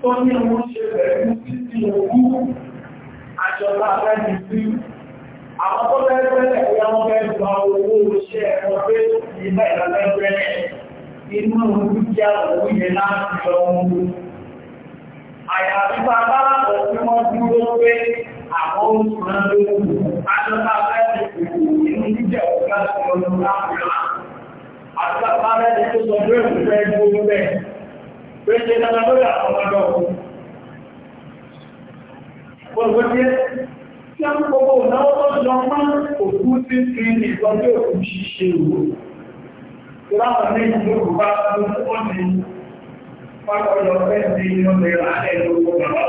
tó ní ọmọ ṣe pẹ̀lú títí òkú àjọba àgbẹ́ni sí. Àwọn tó bẹ́ẹ̀rẹ̀ ẹ̀yàwó bẹ́ẹ̀ gba owó iṣẹ́ ẹ̀kọ́ pé ìgbà ìlàlẹ́gbẹ̀ẹ́ inú òun jẹ́ òun yẹ láti lọ àyàfi bá bálápọ̀ tí wọ́n dúró pé àwọn òṣùnà lóòrùn ajọ́ta fẹ́ẹ̀sì ìlú jíjẹ̀ ọ̀gá sí ọdún láàrín àtàbá lẹ́ni tó sọ pé òun fẹ́ gbóhùn bẹ́ẹ̀ pé ṣe dára lórí àwọn ọmọdé ọkùnrin gbogbo tí tí a ń gbogbo ìnáwó tó jọ máa òkú sí sí ìgbọ́n tí òkú ṣíṣe ìwò ìráwọ̀ ní pápọ̀lọ fẹ́ sí inú mẹ́rà alẹ́ bàbá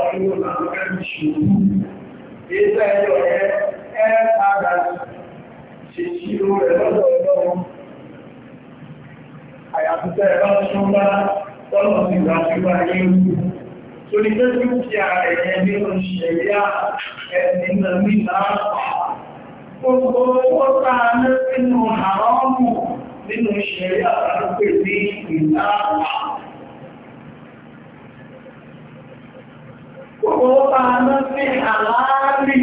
olówó láwọn Gbogbo bá ná sí àláàrí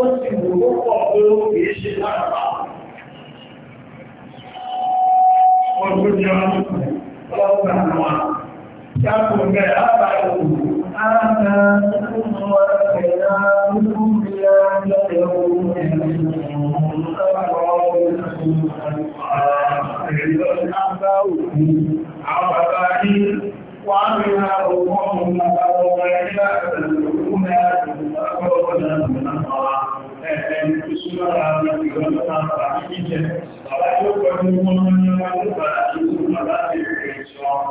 ó sì wò ó pọ̀ pé ó kì í ṣe lára. Wọ́n tó jẹ́ ọlọ́gbà àwọn jákòó bẹ̀ وعملها ربهم فقالوا إلى أتدركنا فأخرجنا من النار أن تسمعنا في غنى فرحيجة ولا يقبل من يوم فرحيجة ولا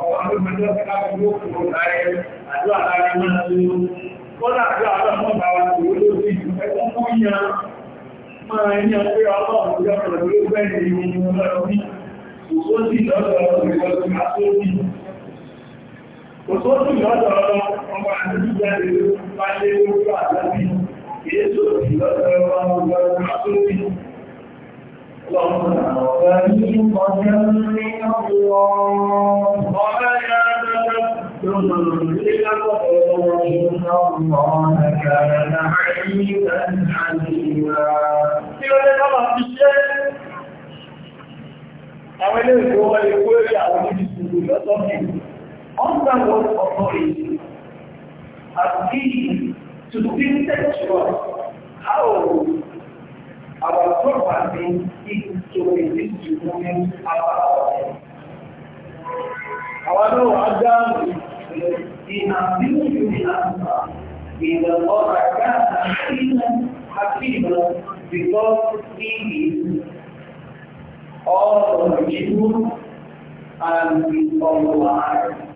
وأنتم من يوم أدعى على من Wọ́n àti àwọn ọmọ àwọn òwúlò sí ẹgbẹ́ mú yá máa ní ọjọ́ ọlọ́run jọ́ pẹ̀lú ẹgbẹ́ ìrìn ìrìn ọlọ́run ní. Òṣòsì lọ́dọ̀ ọ̀rọ̀ ìwọ̀n tí a tó bí kò tó sì lọ́dọ̀ ọmọ àti jáde wáyé lórí àtàbí èso sì lọ́dọ̀ ọmọ ọgbà sórí Ọlọ́run ọ̀gá ní ọjọ́ ní ọwọ́ ọ̀gá yára lọ́dọ̀ lọ́dọ̀ lọ́dọ̀ Àwọn ilé ìgbówọ́ ikú èrè àwọn ìdíjú lọ́tọ́ kìí. under what authority has been to to us how our property is to resist to moving about our law Adam in a beautiful answer in the Lord Adam even Hakiba because he is all original and is all alive.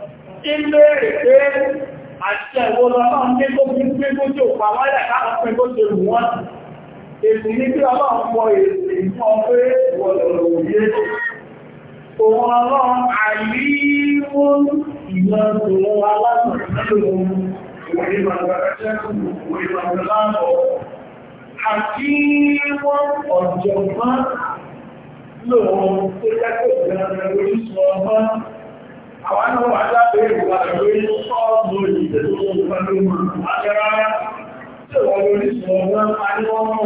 ilé èdè àti ẹ̀wọ́ lọ́wọ́ ní gbogbo gbé pàwọ́lẹ̀ káwọn pín gbójò wọ́n èsì ní bí ọlọ́run pọ̀ èsì fún ọgbé wọ̀lọ̀lọ̀ òye òun ọlọ́run àríwó ìyọ̀nù alásọ̀rọ̀lọ́run òye bàbá àwọn náà wà lábẹ́ ìwà lórí sọ́ọ̀bù ìdẹ̀tọ́ pẹ̀lú agbára tí wọ́n lórí sọ̀rọ̀ aníwọ́nà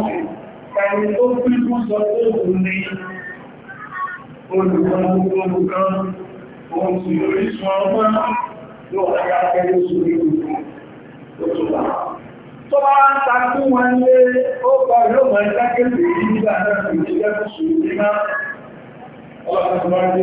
ẹni tó fi fún sọ pé òun ni olùkan olùkan òun sì lórí sọ̀rọ̀ yóò láyá pẹ̀lú sórí olùkan tó tó bá. Tó bá ń takú wọn lé ó kọ yóò mọ̀ ìdákẹ́lẹ̀ yìí nígbà náà kò ní jẹ́ fún sùúrù nígbà ọlọ́pàá tó bá dé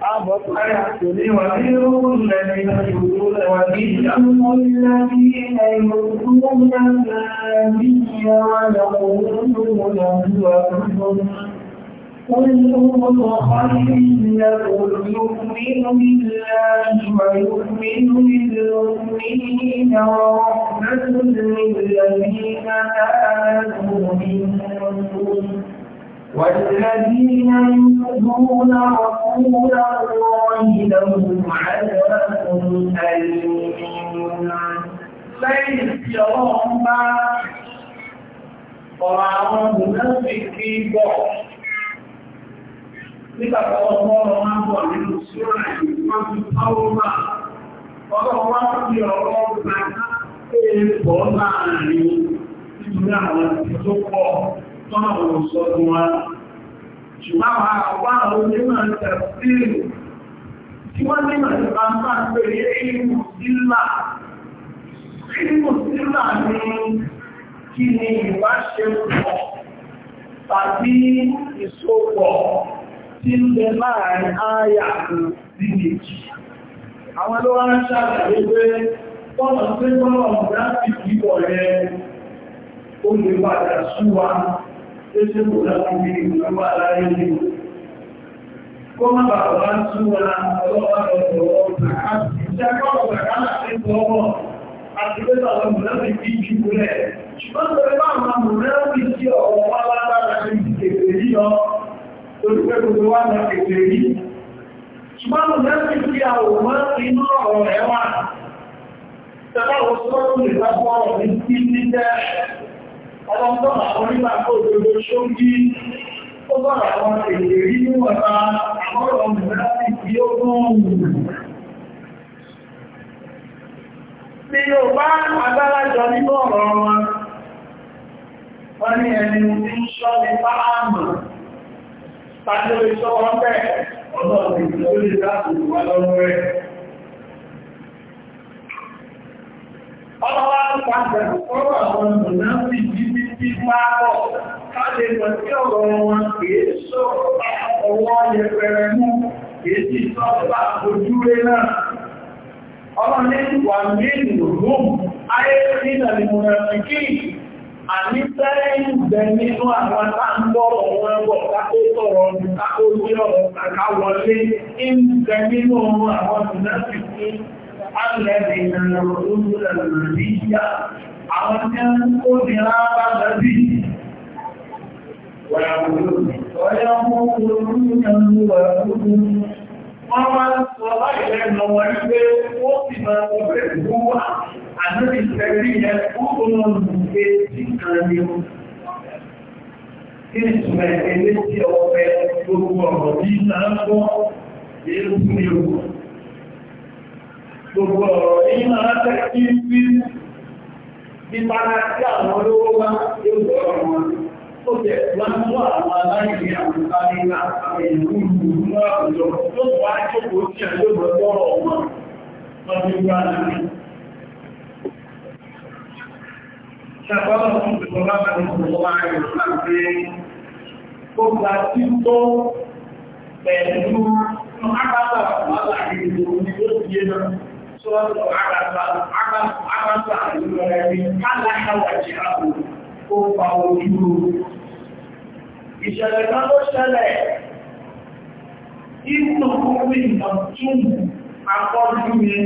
ومنهم الذين يؤتون النبي ويقولون هو قل هو خير لكم يؤمن بالله ويؤمن للمؤمنين ورحمة للذين آمنوا منكم والذين يؤذون رسول الله لهم عذاب أليم ليس يوم ọ̀rọ̀ àwọn mùnáfíkì bọ̀ nígbàtọ̀wọ́ mọ́rọ̀ máa bọ̀ nínú síra ìwọ́n ti pàwọ́ máa ọ̀rọ̀ wá sí ọ̀rọ̀ ọ̀gbà pé bọ̀ láàrin ìdúrà àwọn ìjọ́pọ̀ wọ́n ò sọ́dún wa ṣùgbọ́n àwọn àwọn onímọ̀ tẹ̀sílù tí wọ́n ní mọ̀ nípa ń bá ń pè ní ìlú sílà ìlú sílà ní kí ni ìbáṣepọ̀ tàbí ìsopọ̀ tí ń bẹ láàrin ááyà àwọn ló wá ń sai ku da an bi kuma ala yi kuma ba ba su wala Allah ba da wata ta ka ba ka na sai ko a ti da ba mu da bi ki kule shi ba da ba ma mu da bi ki o wa la la da ki ke ri yo to ke ko wa na ke ri shi ba mu da bi ki a o ma ki no o e wa ta ba o so ni ba ko ni ki ni da ọlọ́pọ̀lọpọ̀ àwọn onígbà kó òdodo ṣókí ó bọ̀rọ̀ àwọn èdè rí níwọ̀ta ọ̀rọ̀ mìíràn tí ó gbọ́n Bí yóò bá agbálájọ nínú ọ̀rọ̀ wọn, wọ́n ní ẹni tí ń ṣọ́ ní fáàmù, tàbí ó lè ṣọ́ wọn bẹ́ẹ̀, ọ̀dọ́ láti wà lọ́wọ́ rẹ̀. padà sọ́rọ̀ àwọn mọ̀láńtì bíbí bí pápọ̀ káàlẹ̀ mọ̀ sí ọ̀rọ̀ wọn kìí sọ́rọ̀ ọwọ́ yẹpẹrẹ mú kìí sí sọ́pá ojúrẹ́ náà ọlọ́ni wà nínú rome ayé nínú ìmọ̀rànkí àní sẹ́yìn bẹ nínú àwọn táńbọ̀rọ̀ wọn bọ̀ kákó sọ̀rọ̀ kákó sí ọ̀rọ̀ kàkà alẹ́bìnà lọ́rọ̀lọ́rọ̀ lọ́rọ̀lọ́rọ̀ àwọn tí ó ń kó ní rábá lọ́bí wọ́n máa ń sọ láì lẹ́nu wọn ní pé ó sì máa ń pẹ̀ tó wà àdúrí ìfẹ́rí ẹ̀ fún ọmọ ìgbé tí kan ní ó kí ni ṣùgbẹ́ ẹgbẹ́ tí ọ̀pẹ gbogbo ọ̀rọ̀ bí náà gbọ́ gbogbo ọ̀rọ̀ èyí máa tẹ́ kí ń fi nípa láti àwọn olówó wá yóò gbọ́rọ̀ wọn ó jẹ́ wọ́n mú àwọn aláìní àwọn sáníkà èyí rúrú mú àwùjọ tó wá jókòó tí ẹ̀ yóò gbọ́rọ̀ wọn lọ́dún gbá náà Ṣàbọ́lọ̀ fún ìjọba pẹ̀lú ìjọba ayọ̀ tí tó sọ́ọ̀tù àgbàgbà àgbàgbà ìrọ̀lẹ́bí kálákàwà jẹ́ àpò ó fa ojú ìṣẹ̀lẹ̀ kan ló ṣẹlẹ̀ inú orí ọ̀tún akọ́jú ni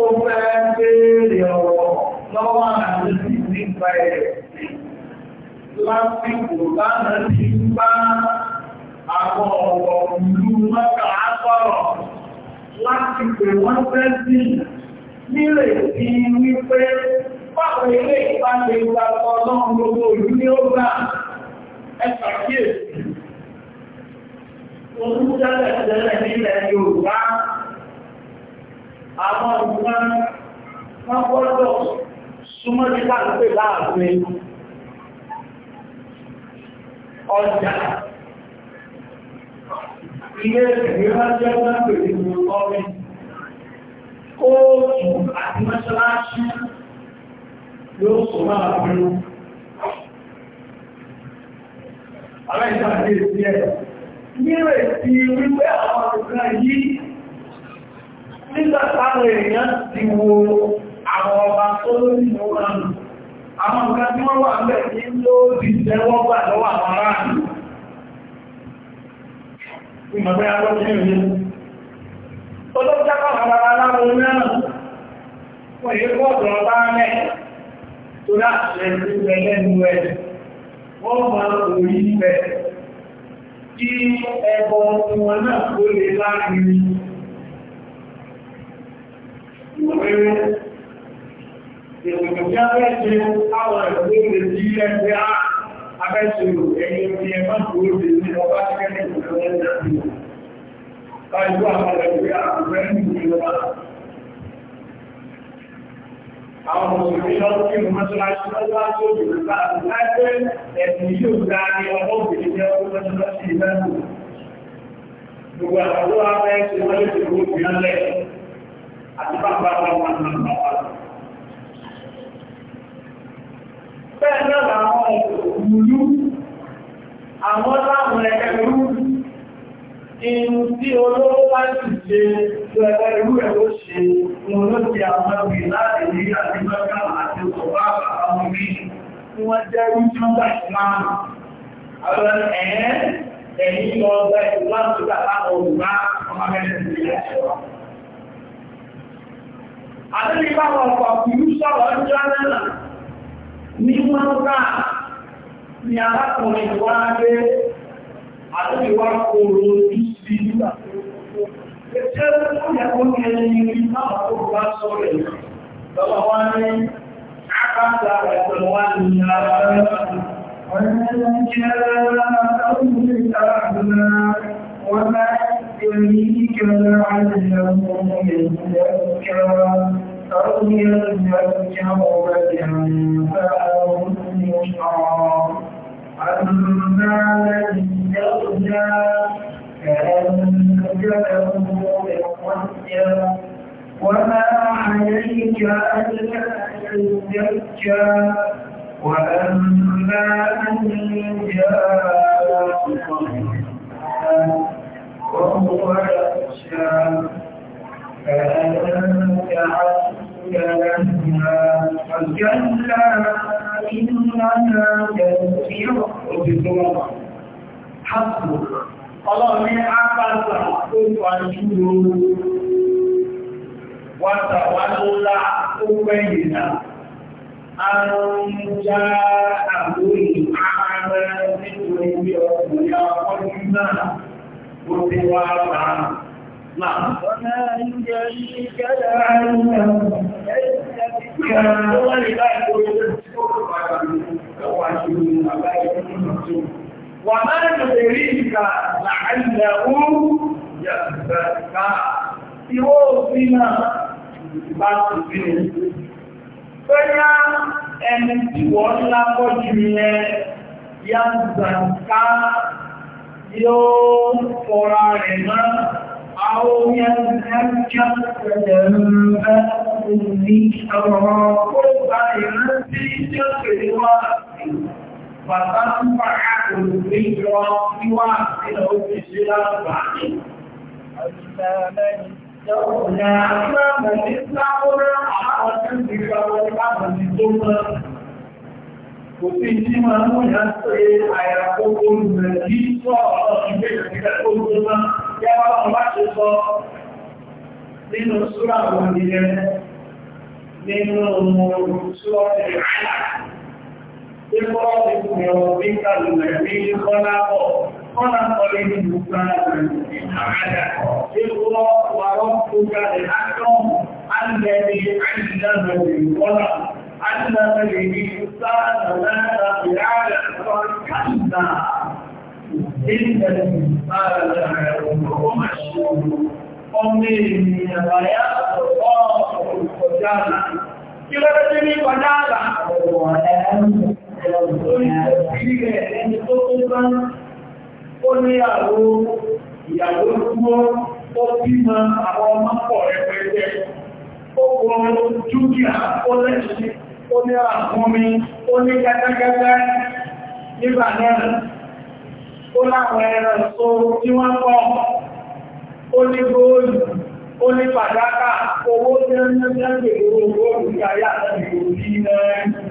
ó fẹ́ béèrè ọ̀rọ̀ lọ́wọ́ àti nípa ẹ̀ lásìkò lánàá ti bá àwọn ọ̀rọ̀ ìlú mọ́ta á sọ̀rọ̀ láti pè wọ́n fẹ́ sí nílè sí wípé pàpọ̀ ilé ìpàdé ìgbàgbọ́ ọlọ́run gbogbo òjú ní ó gbà ẹ̀fà kíyèsí. Oṣù tẹ́lẹ̀ tẹ́lẹ̀ nílẹ̀ Yorùbá, àwọn nǹkan wọ́n gbọ́dọ̀ súnmọ́ nípa ń pè láàrin ọjà ilé ìrìnàjò lábẹ̀ nínú ọ̀rẹ́ ọrụ àti mọ́ṣáláṣí yóò sọ máa pẹ̀lú aláìsàdé sí ẹ̀ nírẹ̀ sí wípé àwọn ọ̀gá yìí nígbàtàrà èèyàn ti wo àwọn ọba tó lórí ìwọ̀n àwọn ọ̀gá tí ìmọ̀gbẹ́ agbọ́kínú yìí olóòjákọ̀ àwọn aláwọ̀ náà wọ́n yìí kọ́ ọ̀dọ̀ bá mẹ́ tó láti ẹgbẹ́ lẹ́nu ẹ̀ wọ́n máa orí ibẹ̀ kí ẹbọ wọn náà kó lè láàrin ìwọ̀n ìròyìn jáfẹ́ ṣe àwọn ìwọ̀n lè sí ẹgbẹ́ abẹ́ṣòro ẹ̀yìn ẹgbẹ́ mọ́ Àwọn òṣèrè lọ́wọ́ kí mo mọ́ṣọ́láṣí lọ́wọ́ tó jùlọ láti láìpẹ́ ẹ̀sìn yóò dá ní ọmọ òbìnrin jẹ́ ọmọ mọ́ṣọ́láṣí ìlẹ́nu. Gbogbo àwọn àwọn ẹ̀sìn wọ́n lè ṣe gbogbo ìrànlẹ̀ àti bàbá wọn wọn Bẹ́ẹ̀ náà àwọn ọ̀pọ̀ inú tí olówó bá sì ṣe ẹ̀rú ẹ̀ ó ṣe wọn ló ti àwọn ọmọbì láti ní àti mẹ́ta àti ọ̀pá àwọn orí tí wọ́n jẹ́ wíjọ́ bá ìmáàmù àwọn ẹ̀ẹ́ ẹ̀yìn lọ bá ìmáàmù tó dà láwọn olùgbà ni arákùnrin wá dé àdébí wá kóró ojú sí nígbà Ẹjẹ́ ìyàwó ní ẹni ní máa tó bá sọ́rẹ̀ lọ́wọ́ wá ní àkàtà ẹ̀sẹ̀ wá ní ara rẹ̀. Ọ̀rẹ́lẹ́ jẹ́ أما الذي يرجى فأنزله بالقدر وما عليك ألا تزكى وأما أن جاء وهو يخشى فأنت عبد لها فكلا إنها تذكرة حسبك ọlọ́run ní ápàtà tó fàájú wátà wá lọ́lá tó pẹ̀yìn náà àrùn já àgbóyìn ààrẹ nítorí bí ọkùnrin akọ́jú náà ó ti wá bá náà. Ọ̀nà ìjẹ́ ìjẹ́lẹ̀ àrùn ẹ̀yẹ́ wà máa ń lè rí ìkà làálẹ̀wó yàtàkà tí ó fi náà bá ti bí i. Fẹ́yà ẹni tí wọ́n lápọ̀ jù yẹn yàtàkà yóò fọ́ra rẹ̀ náà أو يذكر فينفع bàtà tó bá olùgbé jọ wíwá sílẹ̀ oṣù sí láǹfààní. Ọ̀nà ìgbàgbọ́ ní sáwọ́rọ́ àwọn tó ti gbàgbọ́ láwọn ti tó mọ́. Kò sí tí máa ń múyà ṣe àyàkókò rẹ̀ ní sọ ọ̀rọ̀ ìgbé ìgbẹ́ tó tó mọ́. Yẹ́wà wọn bá ṣe sọ nínú súra wọn nìyẹn nínú ọmọ òṣùwọ̀n ìrìnà. اقرأ باسم ربك الذي خلق خلق الإنسان من عمله اقرأ وربك الأكرم الذي علم بالقلم علم الإنسان ما لم يعلم كلا إن الإنسان ليظلم مشهور ومن يتطاول الخجالة كلا تجري فجالة Orí ìrẹ̀ ẹni tó tó bá ń ó ní àrò ìyàwó túnmọ́ ó bí ma àwọn ọmọ pọ̀ rẹpẹtẹ. Ó kọ dúkìá ó lẹ́ṣin, ó ní àkúnmi, ó ní gágágágá nígbà náà. Ó láwọn ẹran tó tí wọ́n pọ̀, ó ní góòlù, ó ní pàdákà, owó tẹ́lẹ́tẹ́lẹ́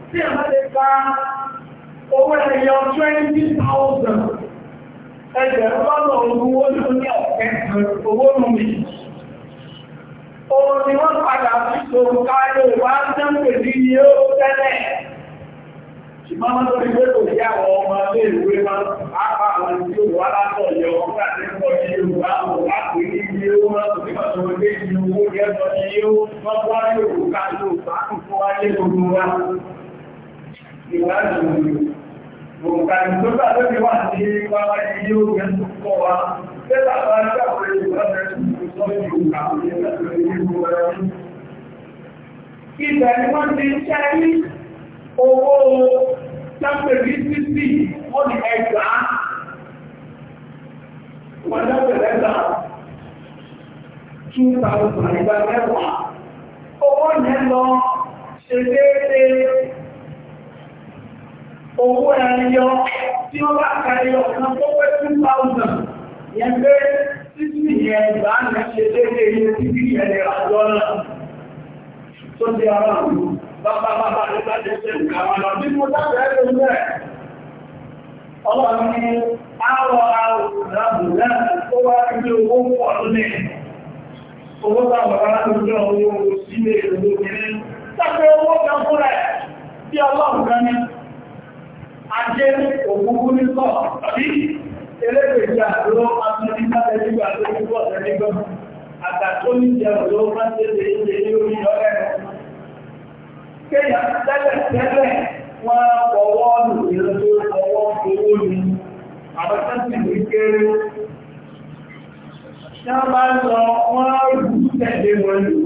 tí a máa lè gba owó ẹ̀yọ 20,000 ẹgbẹ̀rún lọ́nà ogun ó ló ní ọ̀kẹ́ owó rúmi. Oòrùn ni wọ́n padà sí tòun káyọ̀ wá sẹ́mùpẹ̀ ní iye ó tẹ́lẹ̀. Ṣùgbọ́n wọ́n tó rí pé kò sí àwọn ọmọ ilé ìwé máa ń pápá àwọn tí ó wá látọ̀ yọ ọmọ láti pọ̀ ní Yorùbá àwọn láti ní iye ó máa tó bí pàtó ilé ìlú owó yẹ́sọ iye ó wọ́n wá ní òkú káàkiri òkú àkùnkùn wáyé gbogbo wa ìwádìí ti ṣẹ́ rí owó tápẹ̀lú títí wọ́n ni ẹgbà wọ́n dápẹ̀lẹ́ gbà 2000 ìgbà mẹ́wàá owó yẹn lọ ṣe déédéé owó ẹyọ tí wọ́n bá ka ẹyọ kan tó pé 2000 yẹn pé títí yẹn ìgbà náà ṣe déédéé iye títí yẹn lè rà lọ́nà tó di ara mi bábábábá ló bá ti ṣe nǹkan wọn lọ bí mo dábẹ́ ló ń bẹ̀rẹ̀ ọlọ́run ní àwọ̀ àwòrán náà tó wá ní owó pọ̀ lónìí owó táwọn ará lójú owó sílé ìlú kìíní sáfẹ́ owó kan fúnra ẹ̀ bí ọlọ́run kan ajé òkúkú ní sọ àbí elégbèjì àdúró amúnibálẹ̀ nígbà tó ní bọ̀ sẹ́lẹ́gbọ̀n àtàtó ní jẹ́ òjò máa ń tẹ́lẹ̀ ilé ní orí ọ̀rẹ́ rẹ̀. kéèyàn tẹ́lẹ̀ tẹ́lẹ̀ wọ́n fọwọ́ lù ìrẹ́lẹ́ ọwọ́ owó ni àwọn tẹ́sí ní kéré. tí wọ́n bá ń lọ wọ́n rù tẹ̀lé wọn lù.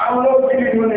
àwọn olóògbé nínú ni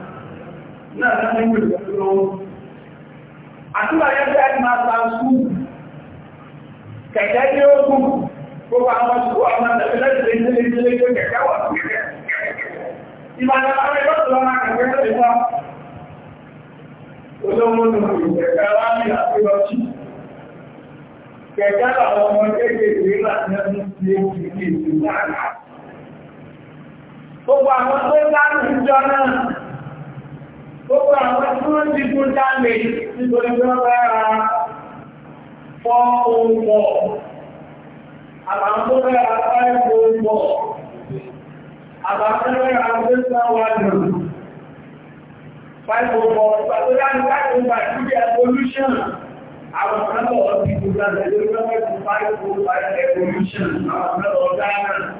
náà lọ́nà ìwé ìgbẹ̀lú lọ́wọ́. Àtúbà yẹ́ fẹ́ máa ta sùn, kẹ̀kẹ́ ní ogun, gbogbo àwọn sùkú àwọn tẹ̀lẹ́tẹ̀lẹ́ ìdílé tó kẹ̀kẹ́ wà fún ìrẹ́. Ìbàdàn àwọn ẹgbẹ́ tó lọ́nà kẹ̀kẹ́ tó lè wá. Olówó nù kẹ̀kẹ́ wá ní àfihàn Kẹ̀kẹ́ àwọn ọmọ kéékèèké láti ẹnu ti ń dánú náà gbogbo àwọn tí wọ́n ti kún dáàmì nítorí pé wọ́n bá ra fọ́ ohun pọ̀ àbáwọn tó bá ra fáì ohun pọ̀ àbáwọn tó bá ra fẹ́sán wà dùn fáì ohun pọ̀ pàtó láti fáì ohun pọ̀ àti evolution àwọn ọ̀pọ̀lọpọ̀ ọ̀pọ̀ ìgbò dáadáa lórí lọ́wọ́ ti fáì ohun pọ̀ evolution àwọn ọ̀pọ̀lọpọ̀ dáadáa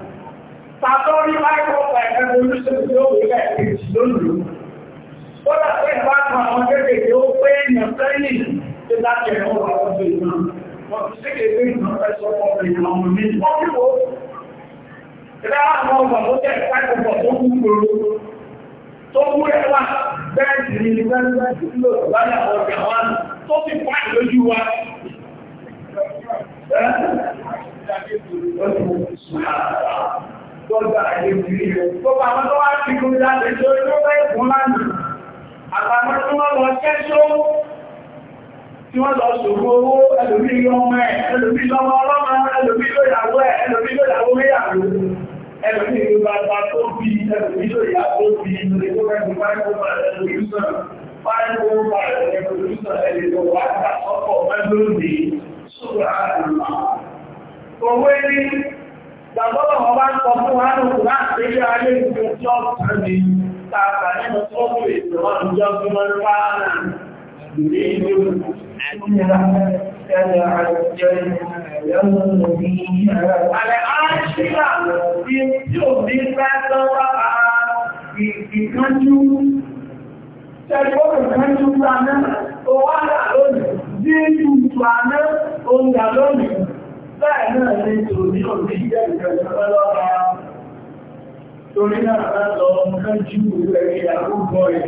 Tàbí orí microphone oh evolution tí ó Bọ́lá pé ìbátan àwọn kéèkéé ó pé èèyàn sẹ́yìn tó láti ẹ̀rọ àwọn ọdún ìgbà. Wọ́n ti ṣe kéèkéé ìgbà fẹ́ sọ́kọ̀ ìgbà ọmọ mi. Wọ́n kí wo? Ìdá àwọn ọmọ tó jẹ́ ìpàkọ̀pọ̀ tó kú gbòòrò tó wú ẹwà bẹ́ẹ̀dì ní ilé bẹ́ẹ̀dì lò lọ́nà ọjà wa tó fi pa ìlójú wa. Tọ́jà àyè ìrìn rẹ̀. Gbogbo àwọn tó wá ti kú láti ṣe orí tó fẹ́ fún lánàá àtàkùn tó wọ́n lọ ṣẹ́ṣọ́ tí wọ́n lọ ṣòro owó ẹlòmí ọmọ ẹ̀ ẹlòmí lọ́mọ ọlọ́mọ ẹlòmí lóyàwó ẹ̀ ẹlòmí lóyàwó méyàwó ẹlòmí ìlú bàbá tó bí ẹlòmí lóyàwó bí ilé tó mẹ́rin fáìkó bá ẹlòmíṣàn fáìkó bá ẹlòmíṣàn ẹlòmíṣàn wà á sọ́kọ̀ mẹ́lòmí sóra àrùn owó ní gbàgbọ́lọ̀ wọn bá ń sọ fún wa ní òkú láti ilé ayé ìgbésí ọ̀sán ni ìtàkà nínú tọ́pù ètò ọjọ́ bí wọ́n fáàrà ìrí ìlú Àlẹ̀ àṣílà tí tí ò ní fẹ́ tọ́wọ́ ìkánjú, tẹ́gbọ́n ìkánjú gbaná, ó wá rà lónìí, dídú gbaná, ó ń gà lónìí, bẹ́ẹ̀ náà ní tòní òní jẹ́ ìjọ̀jọ̀ lọ́wọ́ torí náà látọ̀ nǹkan jù ẹ̀rẹ̀ àrúgbọ́ ẹ̀.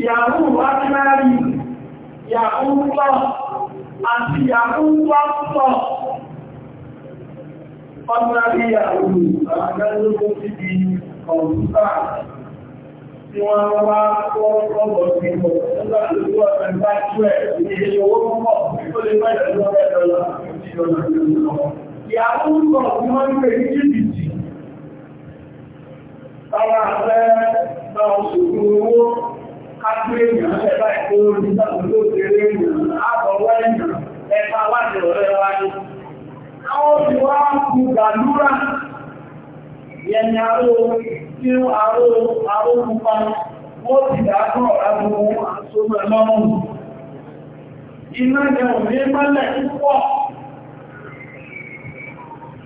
Ìyàwó wá lárí, ìyàwó pọ̀, àti ìyàwó wá pọ̀. Ọgbà bí ìyàwó àgbẹ́lógó ti di kọ̀ǹpútà tí wọ́n wá kọ́ ọgbọ̀ sí ìwọ̀ nígbà lórí ọ̀sẹ̀ ẹ̀ ìyàwó lọ sí wọ́n ń pè ní jìbìtì bára fẹ́ bá oṣùgbò owó kápé èèyàn yẹni aró tí aró aró ti iná jẹun ní púpọ̀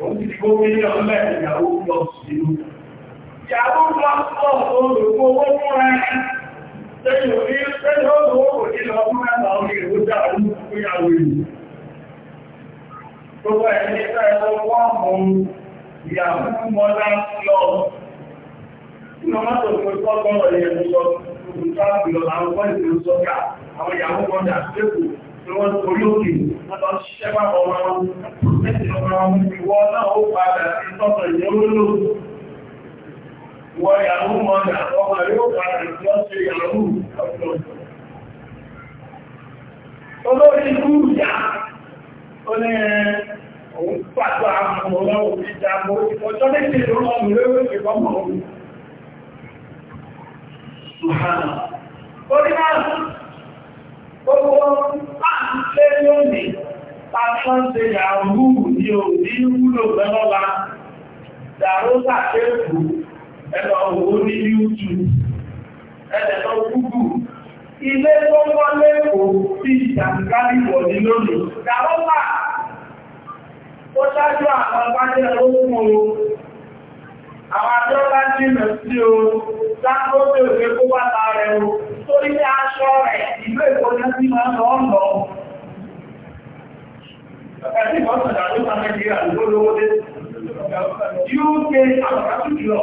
òun ìyàwó plus ìlú. ìyàwó fún ẹ lẹ́yìn òní lẹ́yìn olówó kò ní lọ fún àwọn ìyàwó mọ́lá lọ tí wọ́n torí òkè lọ ṣiṣẹ́ ọmọ wọn mẹ́sì ọmọ ìwọ náà ó padà sí tọ́tọ̀ ìyẹ́wó lò wọ mọ́nà ọmọ yóò padà sí ọ́sẹ̀ ìyàwó olórí ikú ó ní òun pàtó àwọn ọmọ òfìjà ọjọ́ méjì lórí ìfọ́mọ̀ òun Gbogbo pàǹtẹ́ lónìí, pàtàkì yàrú ní òní wúlò lọ́lọ́lá. Dàrósà tẹ́kù ẹ̀lọ òwò ní YouTube, ẹ̀lẹ̀lọ Google. Ilé tó wọ́n lẹ́kọ̀ọ́ sí ìjàǹkárìwọ̀ ní lónìí. Dàrósà ó ṣájú àwọn ọgbájẹ́ olóògùn o àwọn àjọ́ bá jìnà sí o sáàkóso ìwé kó bá ta rẹ̀ o nítorí pé aṣọ rẹ̀ ìlú èkó ní sí máa lọ lọ. Ẹ̀sìn ìbọ̀sọ̀dà ló máa Nàìjíríà ló lówó dé. UK àwọn kàtù jùlọ.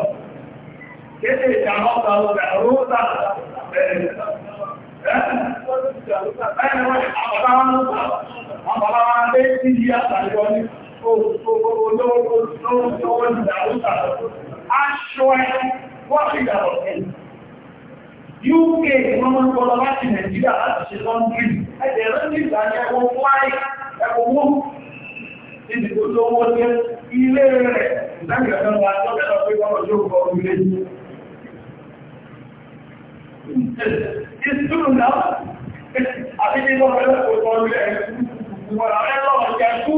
Kéde ìjàmọ́ ọ̀gá ọ̀gá rúdà bẹ̀rẹ̀. Bẹ́ẹ̀ni wọ́n ti àwọn bàbá wọn lọ́pàá. Àwọn bàbá wọn lé sí ibi àtàlẹ́ wọn ní olówó ìdàrúdà. Aṣọ ẹ̀ wọ́n ti dàrọ̀ ẹ̀yìn. UK wọ́n mọ́ kọ́lọ láti Nàìjíríà láti ṣe lọ́ndrì ẹ̀jẹ̀ rántí ìgbàjẹ́ ẹwọ fúláì ẹwọ níbi tó tó wọ́n jẹ́ ilé rẹ̀ ìdájọ́ wa tó bẹ̀rẹ̀ pé wọ́n yóò kọ́ ilé ìsúrù náà àti ní wọ́n bẹ̀rẹ̀ pé wọ́n ilé ìwọ̀n àwọn ẹlọ́wọ̀n jẹ́ kú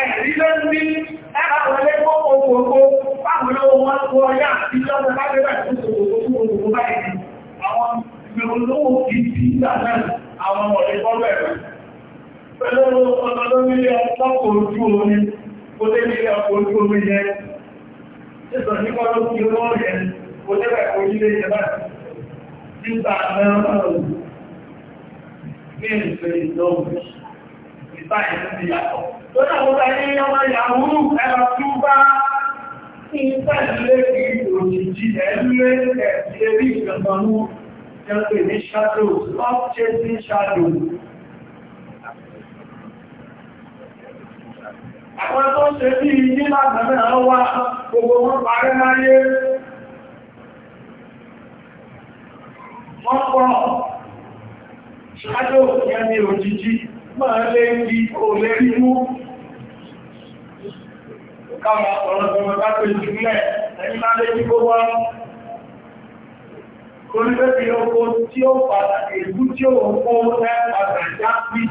ẹ̀rí lẹ́ndí ẹ̀rọ̀lẹ́ gbọ́gbọ́gbọ́gbọ́ àwọn ìgbèròlówó kìí sí àwọn ọ̀rẹ́ Pẹ̀lú ọlọ́lọ́lọ́lẹ́ ọkọ̀ ojú omi, kò lé ní ọkọ̀ ojú omi yẹn. Ìsọ̀ ní kọ́ ló kí ó rẹ̀ lé rẹ̀ ti gbà náà ìjọba náà jẹ́ ní shadow love chasing shadow àwọn tó ṣe bí nílàgbàmẹ́ àwọn wá gbogbo wọn parẹ́ láyé wọ́n pọ̀ shadow yẹn ni òjìjí máa lé ní olè rímú káwọn ọ̀rọ̀ ọ̀rọ̀ orílẹ̀-èdè oko tí ó padà èlú tí ó kó ẹ́pàdà já sí.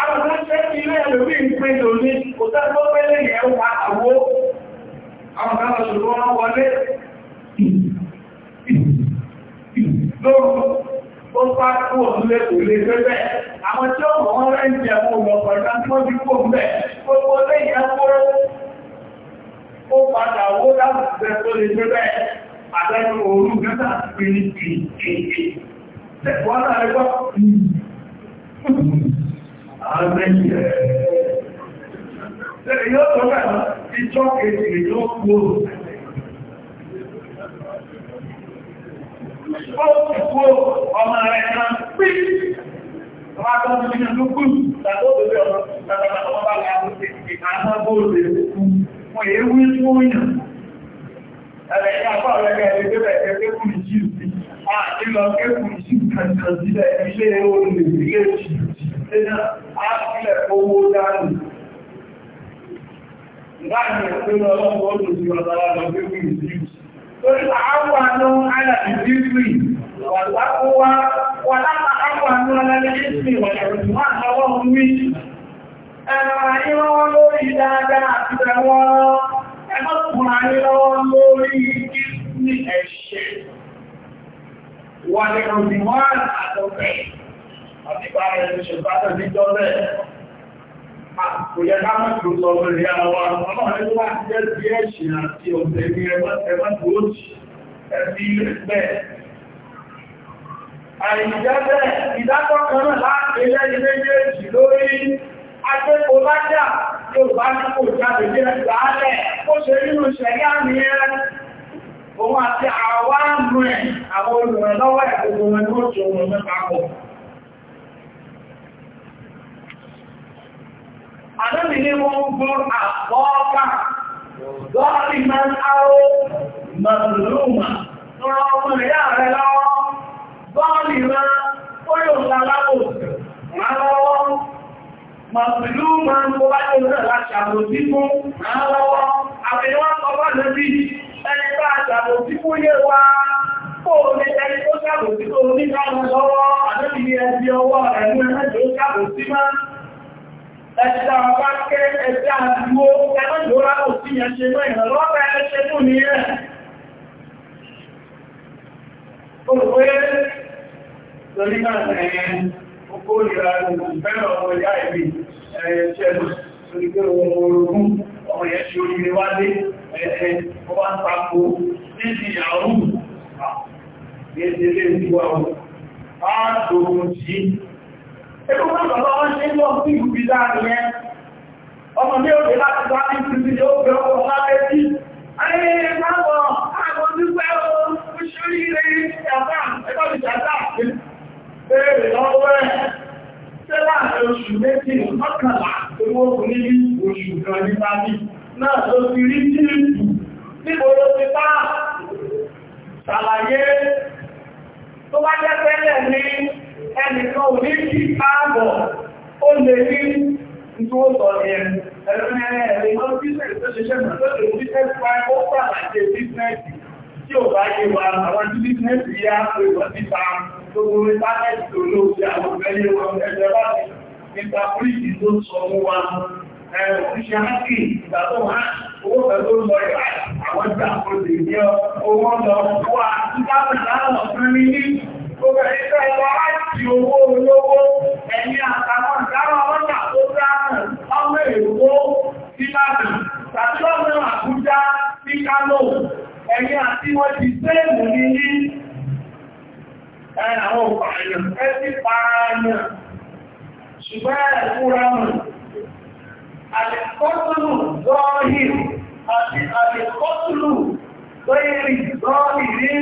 Alọ́gbẹ́ṣẹ́ ilé ẹ̀lórí ìpé lórí kò tẹ́lọ́ pẹ́lẹ̀ yẹ wà àwó. Àwọn kan lọ́ṣùgbọ́ wọ́n wọlé lóòrùn ó pá kú òṣùlé kò lè pẹ́pẹ́. Àwọn tí ó mọ̀ wọ́n rẹ̀ ń jẹ àbẹ́nu òru gẹ́gẹ́ àti ní pé kéèké tẹ́kọ̀ọ́ aláàrẹ́gbọ́ àbẹ́yìn ẹ̀ẹ́ yóò tó ọmọ Ọmọ bá láàrín ìgbà náà bóòrè fún èéwé fún èèyàn. a àpá ọ̀rẹ́gẹ́ ẹgbẹ́ ẹgbẹ́kùn ìjìl àìlọ kẹ́kùn ìjìl kàtà sílẹ̀ ilé olè ilé ìjìl àpilẹ̀ owó dánù láàrin ìpínlẹ̀ ọlọ́pọ̀ olùsí ọ̀dára lọ kẹ́kùn ìjìl torí àwọn àwọn alàìjírí wà láàpọ̀ àwọn alàìjírí wà láàpọ̀ àwọn alàìjírí ẹmọ́kùnrin ayé lọ́wọ́ lórí ní ẹ̀ṣẹ̀ wà ní òdìwọ́n àtọ́fẹ́ àtìbá ẹni ṣèpátẹ̀ níjọ́ bẹ́ẹ̀ kò yẹ ká mọ́ tó sọ orí àwọn ọlọ́rin wá jẹ́ sí ẹ̀ṣìn àti ọ̀sẹ̀ ní ẹmọ́kùnrin òjì ẹ̀bí bẹ́ẹ̀ àìjẹ́ bẹ́ẹ̀ ìdákọ̀ọ́kan láti ilé ilé méjèèjì lórí agbẹ́kọ̀ọ́ bá jà tí ó bá ní kò jáde ní ẹgbà ó ṣe nínú ìṣẹ̀rí àmì ẹ òun àti àwọn ẹ̀ àwọn olùrànlọ́wọ́ ẹ̀kùnkùn wọn ni ó ṣe òun mẹ́ta pọ̀. Àdọ́bì ní wọ́n gún àpọ́ọ́kà gọ́ọ̀lì máa ń áwó màlúùmà rọ ọmọ ìyá rẹ̀ lọ́wọ́ gọ́ọ̀lì máa màbìlú máa ń kó bá jẹ́ náà láti àbòsí fún àlọ́wọ́ àbẹ̀wọ́n ọgbọ́n lẹ́bí ẹni bá àbòsí fún yé wa kó o lè ẹni tó ṣàbòsí tó ní káàmù lọ́wọ́ àdébì ní ẹbí ọwọ́ ẹ̀mú ẹ̀mẹ́jọ ṣàbòsí máa ẹ̀ṣẹ̀ àwọn bá kẹ́ Okó ìrà ìfẹ́ràn ọmọ ìyá ìbí ẹ̀yẹ ṣẹ́lú, torí pé ohun orogún, ọmọ ìyẹ́ ṣe oríire wádé, ẹ̀ẹ́ ọwá ń tako, ní ti ìyàwó, gẹ́gẹ́lé ìwà ọ̀. A dògùn sí. Ẹgbẹ́ wọn bàbá wọn ṣe ń lọ sí ìgbì láàrin ẹ. Ọmọ mi ò dé láti bá ní ìsinmi yóò fẹ́ ọkọ̀ lábẹ́ sí. Ayé máa bọ̀, àwọn onígbẹ́ ọ̀rọ̀ oṣù béèrè lọ́wọ́ ẹ̀ ṣé láàrin oṣù méjì mọ́kànlá owó onílé oṣù kan ní bábí náà ló ti rí jíìpù níbo ló ti bá ṣàlàyé tó bá jẹ́ tẹ́lẹ̀ ní ẹnìkan ò ní kí káàbọ̀ ó lè ní ìtú ó sọ ní ẹ̀rẹ́rẹ́rẹ́ ìwọ́n bíṣẹ̀rẹ̀ tó ṣiṣẹ́ mọ̀ tó lè bíṣẹ́ pa ó pàtàkì bíṣẹ́ẹ̀tì tí ò bá yé wa àwọn gbogbo ìtánẹ́tì olóògbé àwọn ìgbẹ́lẹ̀ wọn ẹgbẹ́ láti nípa príjì tó sọ mú wa ẹ̀rùn-ún-ṣe hákì ìgbàtọ̀ wá owó pẹ̀lú lọ ìrà àwọn ìgbà kò lè ní owó lọ wà nígbàtọ̀ láwọn fún mi ní gbogbo ìfẹ́ ẹ̀wọ̀ láti owó olówó ẹ̀yìn àtàwọn ìdáwọn ọjà tó dáhùn ọmọ èkó síbàdàn tàbí ọmọ àbújá sí kánò ẹ̀yìn àti wọ́n ti sẹ́ẹ̀mù ní àwọn òpààyàn ẹbí pààyàn ṣùgbọ́n ẹ̀kúra mọ̀ àdìkọ́tùlù gọ́ọ̀hì àti àdìkọ́tùlù lóyìnrì gọ́ọ̀hì ní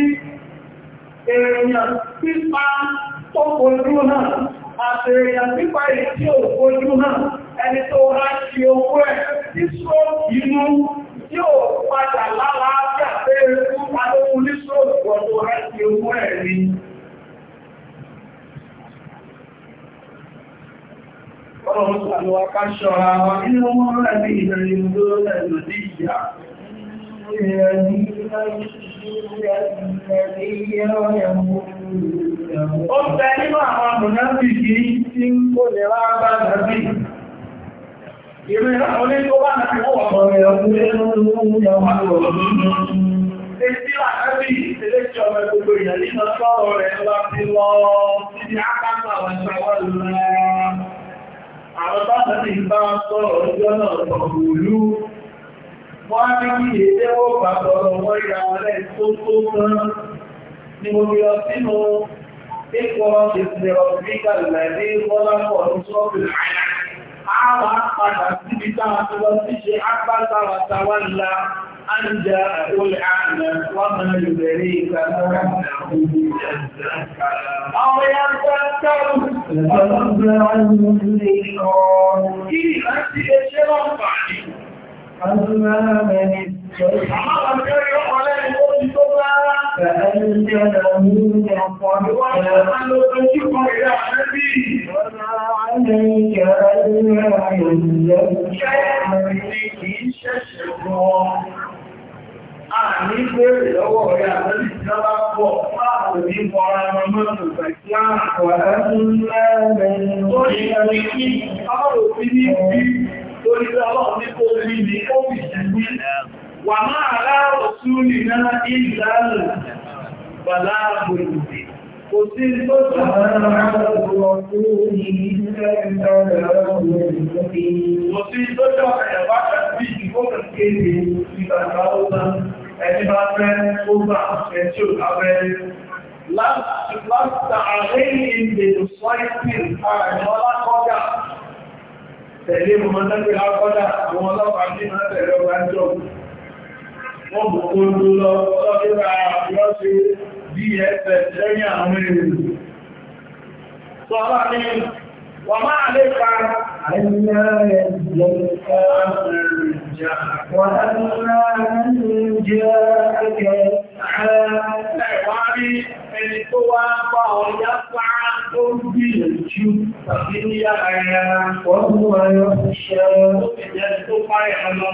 èèyàn pípa tó kojú náà àti èèyàn pípa èyí tí ò kojú náà ẹni tó rá sí Ọlọ́run sàlọ́wà ká ṣọ́ra wa nínú wọn láti ìrìnlẹ̀ ìlú lọ́lẹ̀ ìyá. Ó bẹ nínú àwọn mùnábì kì í tí ń kó lè rá bá nàbí. Ìrìnlẹ̀ àwọn onígbó bá nàbí wọ́n wọ́n rẹ̀ ọdún ẹnu lóhun yà wà lọ́dún Ètílà ẹbí ìtẹ́lẹ́tì ọmọ gbogbo ìyàlínà sọ́rọ̀ rẹ̀ lọ sí lọ sí ní àkápà àwọn ìgbàwọ́ lọ́rọ̀ àwọn bákan ní bá sọ̀rọ̀ ọjọ́ náà sọ̀rọ̀ òlú wọ́n á ní kí ni mo fi lọ sínú ikọ̀ ìsìnlẹ̀ ọ̀fíkà lẹ́ní wọ́lápọ̀ ní sọ́ọ̀fì àwọn apàdà síbi táwọn tó lọ sí أن جاءه الأعمى وما يدريك أنه يزكى أو يذكر فتنفع الذكرى كيف أنت الشرف عليك أما من فأنزله يقضى وما عليك ألا يزكى من الشجر àní bèèrè lọ́wọ́ rẹ̀ àtẹ́lì tí wọ́n bá pọ̀ láàrín ní bọ́ra ọmọ ìgbà tí a wà láàrín lẹ́rẹ̀ tó ṣe kí ọrọ̀ sí ní bí torí ọlọ́run ní kó rí ní ó fi ṣẹ̀gbí wà máa aláàrọ̀ sí ní náà ìlànà bàlá àgbèrè kò sí tó jọ ẹ̀bá kàbí ìgbókàkéde ìgbàgbà ó bá ẹni bá fẹ́ ó gbà ẹni tí ó lábẹ́ láti àárín ìdè sọ́ìpì ààrẹ ọlákọ́dà tẹ̀lé mọ́ lẹ́gbẹ̀ lákọ́dà àwọn ọlọ́pàá ní máa tẹ̀lé ọgbà jọ wọ́n bù kó ló lọ sọ́dúnra àbúrọ́sí dss lẹ́yìn àwọn èrò وما عليك ألا يجلك وأما من جاءك يسعى لعوابي ẹni tó wá ń bá ọjá pàá tó gbìyànjú tàbí ní ààrẹ ọdún ayọ́ ṣe ẹni tó páyà ọ̀nà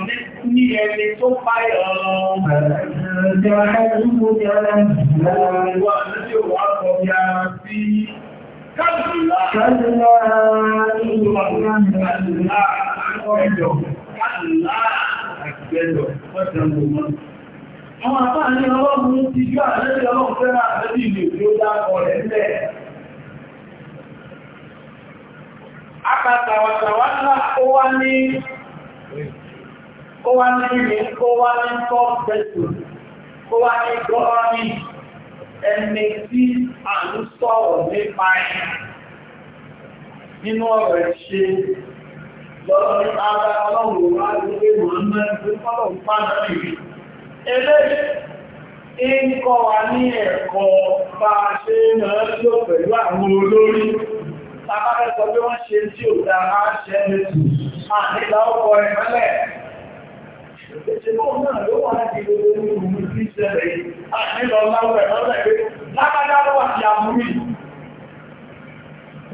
ní ẹni tó páyà ọ̀nà ẹ̀rẹ̀ ẹ̀rẹ̀ ẹ̀rẹ̀ ẹ̀rẹ̀ ẹ̀rẹ̀ ẹ̀rẹ̀ ẹ̀rẹ̀ ẹ̀rẹ̀ ẹ̀rẹ̀ ẹ̀rẹ̀ ẹ̀rẹ̀ ẹ̀rẹ̀ Àwọn àpá ní ọlọ́run ti jú àlẹ́lẹ́ ọlọ́run fẹ́ra àlẹ́lẹ́ ìlú tí ó dákọ̀ rẹ̀ lẹ́. Akàtàwàtàwàtà ó wá ní ó wá ní ìrìn, ó wá ní kọ́ pẹ̀sù, ó wá ní gọ́ọ̀rìn ẹni tí a ń sọ̀rọ̀ nípa ẹ̀ nínú ọ̀rọ̀ ṣe lọ́rọ̀ ara ọlọ́run wá lórí mọ̀ọ́mọ́rin tó kọ́lọ̀ ń pàdà rí ẹlẹ́ ń kọ́ wa ní ẹ̀kọ́ bá a ṣe máa ń lò pẹ̀lú àwọn olórí tàbátẹ́sọ bí wọ́n ṣe tí ò dáa ṣẹ́lẹ̀ tù àti ìlà ọkọ̀ ẹ̀mẹ́lẹ̀ Ìṣẹ́gbọ́n náà ló wà láti gbogbo ní ìlú sí ìṣẹ́lẹ̀ yìí. Àti lọ láwẹ̀ lọ́lẹ̀ pé lágbàdá lọ́wà ti àmúrì.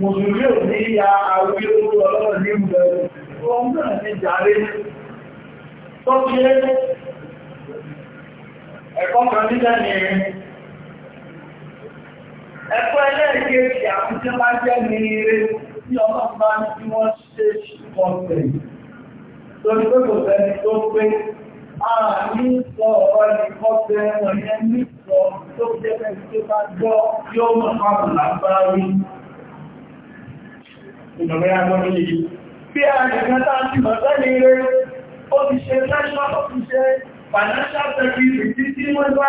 Mùsùlùmí ò ní ya àwúrí orúkọ ọlọ́rọ̀ ní ìgbẹ̀ ọ̀rọ̀ náà ti jàre. Tọ́jú ẹ̀kọ́ kan nígbà ní ẹ̀kọ́ ẹlẹ́ẹ̀kejì àkútẹ́ bá jẹ́ ní eré tí ọlọ́pàá tí wọ́n ṣe ṣùgbọ́n tẹ̀yìn torí pé kò sẹ́ni tó pé ààrí sọ ọ̀rọ̀ ìkọ́gbẹ́ wọn yẹn ní sọ tó jẹ́ pẹ̀lú tó bá gbọ́ yóò mọ̀ pàtàkì lágbárí ìgbàmẹ́ agbọ́nà a nìkan tá ti mọ̀ sẹ́ni rẹ̀ ó ti ṣe national office financial services tí wọ́n bá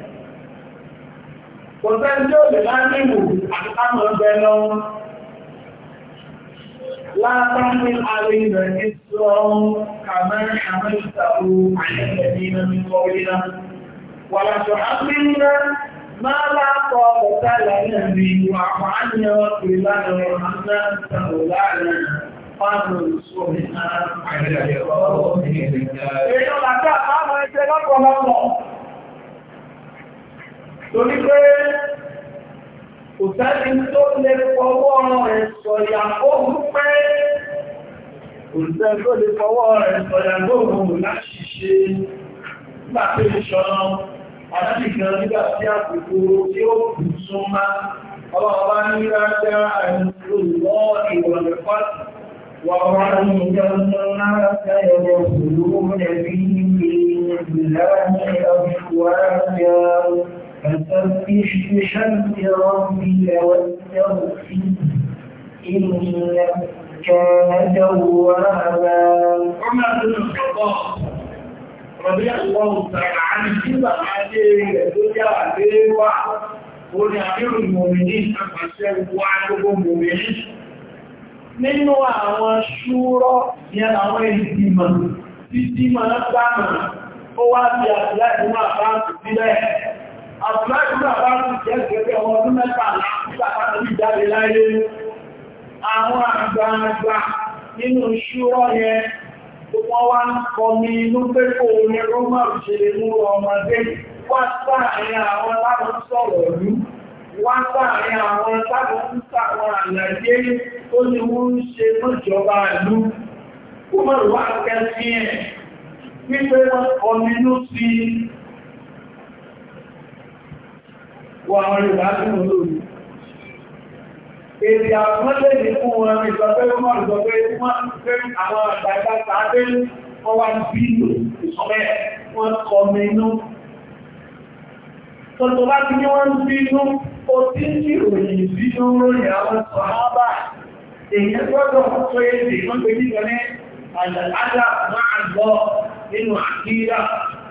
kò sẹ́ni tí ó lè máa ní ìwò àtàmọ̀ ọgbẹ́ lọ́wọ́ látàmì àríwẹ̀ ní sọ́run kàmẹ́rin àmẹ́sàrò àyẹ̀lẹ̀bí ní kọrílá wàlàtọ̀ àpínlẹ̀ máa lápọ̀ ọ̀pọ̀ta lẹ́yìn rí wà pàánìyàn ìlànà àmẹ́sàrò láàrin torí pé kò sẹ́ni tó lè fọwọ́ rẹ̀ sọ̀yà ohun pé kò sẹ́ni tó lè fọwọ́ rẹ̀ sọ̀yà ohun láti ṣe nígbà pé ìṣọ́nà àdájìkan nígbà tí àkókò tí ó kù súnmá ọlọ́ọ̀bá ní rájá àìsùlọ́ ìwọ̀lẹ̀fà wà wọ́n ní ìjọ́nà láti ẹ̀rọ òkúrú rẹ̀ bí i ìlànà فسبح بحمد ربك واستغفره إنه كان توابا عمر بن الخطاب رضي الله تعالى عنه كيف حكي الدنيا عديوة ونعمل المؤمنين فسبح وعدهم المؤمنين من àwọn ṣúrọ́ ní àwọn ìdìmọ̀ tí dìmọ̀ lápá náà ó wá bí àtìláìmọ̀ Àwọn àgbààgbà nínú ṣúrọ́ yẹn tó wọ́n wá ń kọ ní inú pé kò ní Rómàrù ṣe lè mú ọmọdé wá sáàrin àwọn lábọn sọ̀rọ̀ ní wá sáàrin àwọn lábọn ń sàwọn àlàyé tó ní wọ́n ń ṣe mọ́jọba ìlú. Kúmọ̀rù wá kẹ́ sí ẹ̀ wọ àwọn Yorùbá tí mo lórí. Èdè àpọ́lẹ̀ ní fún wọn ìjọ pé ó máa lọ pé wọ́n fẹ́ àwọn àgbàgbà tàbí wọ́n wá bí ìlò ìsọ́mẹ́ wọ́n kọ mẹ́nú. Tọ́tọ́ bá ti ní wọ́n ń bínú, ó ti ń kí òyìn ìbínú lórí àwọn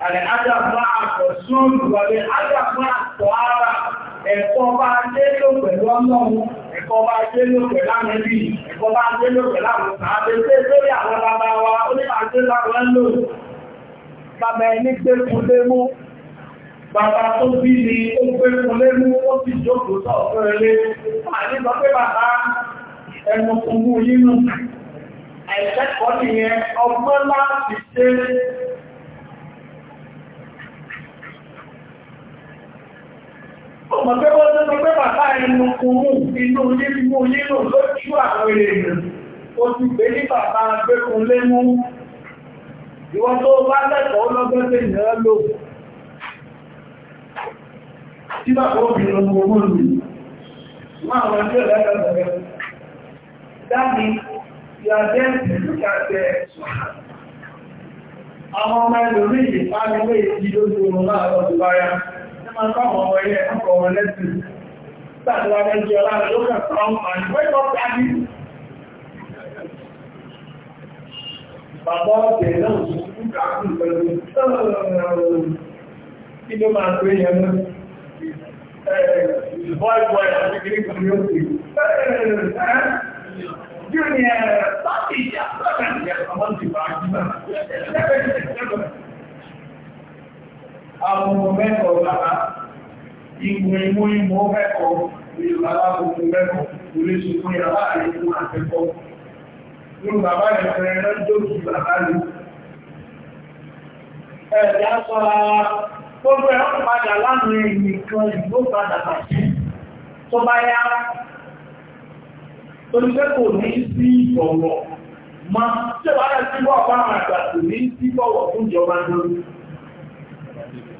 àlẹ́ádàm máa pọ̀ sóòlù àlẹ́ádàm máa pọ̀ ara ẹ̀kọ́ bá délò pẹ̀lú ọlọ́run ẹ̀kọ́ bá délò pẹ̀lú àmẹ́bí ẹ̀kọ́ bá délò pẹ̀lú àwọn àbẹ́sẹ́ lórí àwọn bàbá wa ó ní àti láwọn lò bàbá ẹni gbé fún lé mú bàbá tó bí ni ó gbé fún lé mú ó sì jókòó sọ́ọ̀fẹ́ lé àti sọ pé bàbá ẹnu kùnkùn yínú àìsẹ́kọ̀ọ́ Ọmọ pé wọ́n tó sọ pé bàbá ẹnu kúrú inú yílú yílú lójú àwọn èèyàn. Ó ti gbé ní bàbá agbékun lé mú. Ìwọ́n tó bá lẹ́kọ̀ọ́ lọ́gbẹ́sẹ̀ ìyẹn lò. Tí bàbá obìnrin ọmọ ọmọ mi, máa wọn tí ó lẹ́gbẹ̀ẹ́ Dáàbí, ìyàjẹ́ ìdíkàtẹ̀ àwọn ọmọ ẹlòmí ìpánilé ìdílójú ọmọ láàárọ̀ tó báyá máa ń bá wọn wọlé ẹ̀kọ́ wọn lẹ́sìn láti wá lẹ́jọ́ ọlá rẹ̀ ló kẹ̀kọ́ ọmọ àìwẹ́kọ́ tàbí bàbá ọ̀tẹ̀ náà fún kàkùn pẹ̀lú kí ló máa pé yẹn mọ́ ìbọ́ìbọ́ ìrìn àti kìrìkì ní òkè Júnior, sọ́ọ̀tì ìjà sọ́ọ̀tì ìjà ọmọ ti bá jù náà amòmò mẹ́kọ̀ọ́ lára ìgbò ìmú ìmú mẹ́kọ̀ọ́ ìlàlá gbogbo mẹ́kọ̀ọ́ orísun fún ìyàlá àìkú àtẹ́kọ́ ní bàbá ìfẹ́ lọ́jọ́sù bàbá lè ẹ̀dá sọ́ra gbogbo ẹ̀ padà lánàá èyí kan ìgbó padà bàjẹ́ tó bá yá oníṣẹ́kò ní sí ìbọ̀wọ̀ ma ṣé wàá rẹ̀ sí bọ́ọ̀ bá àwọn àgbà kò ní sí bọ̀wọ̀ fún ìjọba lórí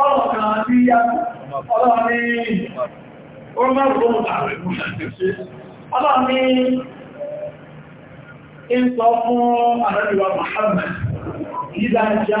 Ọlọ́run kan bí yàtọ̀, ọlọ́run ní ọmọrùn-ún ààrẹ mú ṣàtẹ̀ sí. Ọlọ́run ní ń sọ fún àrẹ́lúwà Muhammad, ìdájá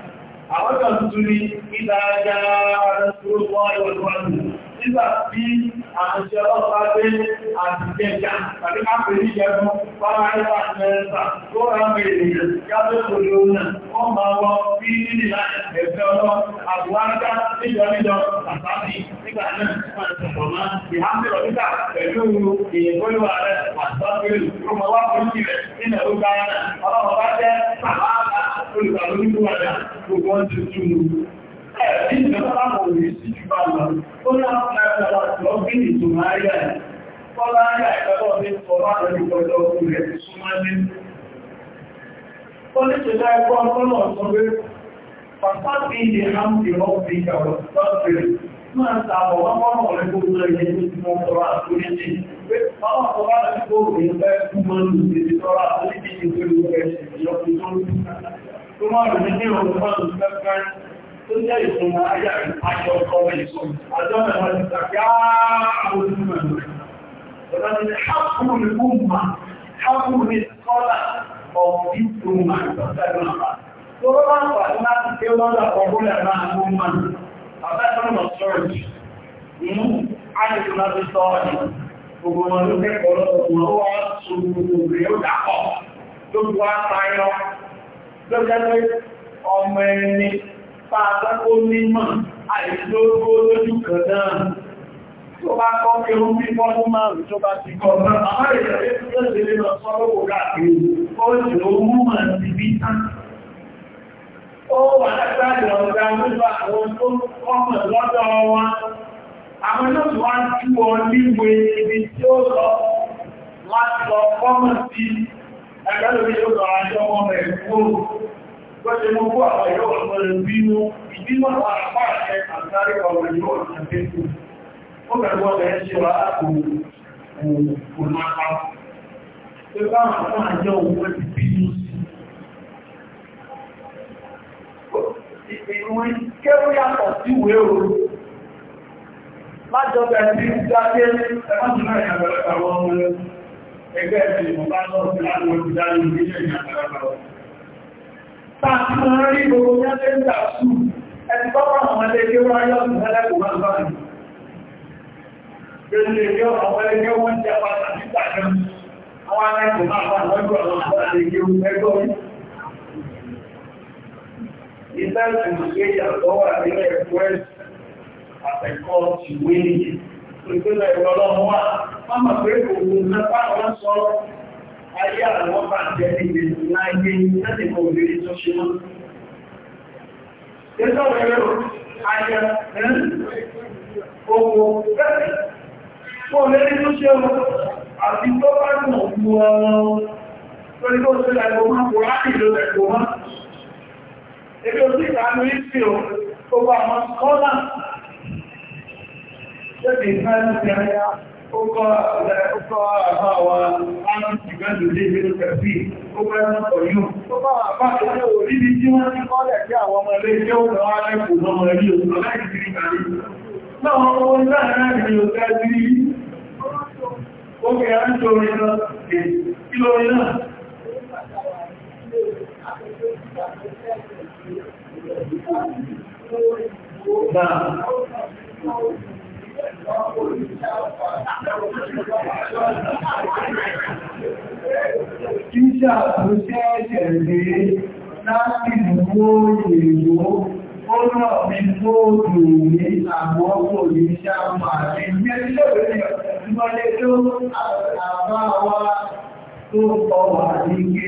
àwọn kan tuntun ní ìdájá rẹ̀ tó wọ́n nígbà tí àṣẹ ọlọ́pàá gbé àtìkẹjà tàbí máa pè ní ìjẹun pàmà nípa mẹ́ta tó rà mẹ́rin yàtọ̀ òjò náà wọ́n máa wọ bí nílá ẹ̀fẹ́ ọlọ́ àbúwájá níjọ níjọ tàbí nígbà náà wọ́n ti pọ̀ máa ìhámẹ́rọ̀ nígbà pẹ̀lú ìyẹ̀kọ́lùwà rẹ̀ wà sọ́kẹ́lù tó mọ̀ wá fún ìrẹ̀ nílẹ̀ ó gbára ọlọ́pàá jẹ́ ẹ̀rí ìjọba kò rí sí ìjọba lọ ó tó jẹ́ ìtumọ̀ ayà àjọ ọkọ̀ ìṣòro àjọ ẹ̀rọ ìtàkì ààbò ìtumọ̀ ìrìn Hákùn ní Umma, hákùn ní Kọ́lá ọ̀pí Umma ìtọ́sẹ̀rọ̀ àpá. Tó rọ́bá pàdé láti ké lọ́dà ọgbọ́lẹ̀ náà Umma, àbẹ́sọ̀rọ̀ lọ sọ́rọ̀ inú àjẹ́sọ̀ láti sọ ọ̀dì. Gbogbo wọn ló kẹ́kọ̀ọ́ lọ́dọ̀ wọn ó wá sọ gbogbo rẹ̀ ó dàpọ̀. Lójú wá tayọ. Lójú ẹgbẹ́ ọmọ ẹni pàtàkó mímọ̀ àìlógó lójú kan náà tó bá kọ́ pé ó bí fọ́nú márùn tó bá ti kọ́ náà àwọn ìrẹ̀lẹ́ tó lè lọ sọ́rọ̀wò káàkiri ó jẹ́ ó mú mọ̀ sí bí tán ó wà látàrí ọ̀gá lójú àwọn tó kọ́mọ̀ lọ́dọ̀ wọn àwọn náà wá tú ọ níwe ibi tí ó lọ láti lọ kọ́mọ̀ sí ẹgbẹ́ lórí ó lọ àjọ ọmọ ẹ̀kọ́ Gbọ́ṣe mú kó àwọn ìyọ́ ọ̀pọ̀lẹ̀ bínú, ìbínú àwọn àpá àṣẹ àtàrí ọmọ ìyọ́ ọ̀pọ̀lẹ̀ bínú. Ó bẹ̀rẹ̀ wọ́n bẹ̀rẹ̀ ṣe wà ápò òun àpá. Ṣé bá àwọn àjọ òun ti bínú sí? Ìrùn kẹ́rù yàtọ̀ sí ìwé òru. Májọ́ bẹ̀rẹ̀ sí ìdájẹ́ ẹgbẹ́ ìrìn àwọn ọmọ ẹgbẹ́ ìrìn Táàkì máa rí gbogbo ní ẹgbẹ́ ìgbà sùn, ẹni tó wà àwọn ẹlẹ́gbẹ́ wáyọ́ ìrìnlẹ́gbẹ̀ wọ́n bá rí. Bẹ́ẹ̀ni ẹgbẹ́ ọ̀rọ̀ ẹgbẹ́ wọ́n jẹ́ pàtàkì tàbí àwọn ẹgbẹ́ máa wà lọ́gbọ̀ àwọn ẹgbẹ́ ẹgbẹ́ ìtàkùn ìgbéyàwó wà nílẹ̀ ẹ̀kọ́ àtẹ̀kọ́ ìwé ìgbésẹ̀ ìrọ̀lọ́wọ́ wà. Má mà pé kò ayé àwọn bàjẹ́ níbi láyé láti kò lè tó ṣe mọ́. Tẹ́sọ́ wẹ̀rẹ̀ ayẹ ọmọ bẹ́ẹ̀ kò lè tó ṣe mọ́ àti tó bá nà mú ọmọ lórí tó ṣe lẹ́gbọ́n máa kò láti ló lẹ́gbọ́n máa. Ebi òsì ìdánú ìsì ò gbogbo àwọn kọ́lá. Ṣé ọkọ̀ àbáwa láti ìgbẹ́lú lé nínú pẹ̀lú ọkọ̀ ẹ̀mọ́kọ̀ yóò. Ó bá wà bá ilé orí ní tí wọ́n ti kọ́lẹ̀ kí àwọn ọmọ ilé jẹ́ òun àwọn alẹ́kùn mọ́mọ ilé òun láì sí ìgbàlú. Náà wọ́n láàárín ìrìn òjá sí ókè àríṣò orin náà kí Títà tó ṣẹ́ẹ̀ṣẹ̀ lè láti mú òyìnbó, ó náà mi tó dùn ní àwọn ọkọ̀ ní ṣàmà àti mẹ́lẹ́ ìmọ̀lẹ́ tó àbáwá tó ọwà ní kí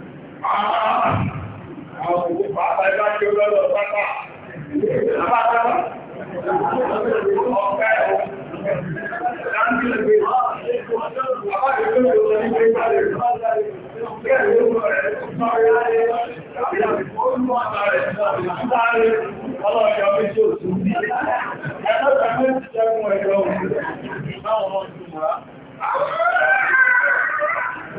Àwọn òṣèlú pàápàá ẹgbá kí ó lọ́lọ́ pápá. Àbájáwá, ọ̀pẹ́ ẹ̀wọ̀n, láńkì lè Àwọn ọmọ ọdún wa.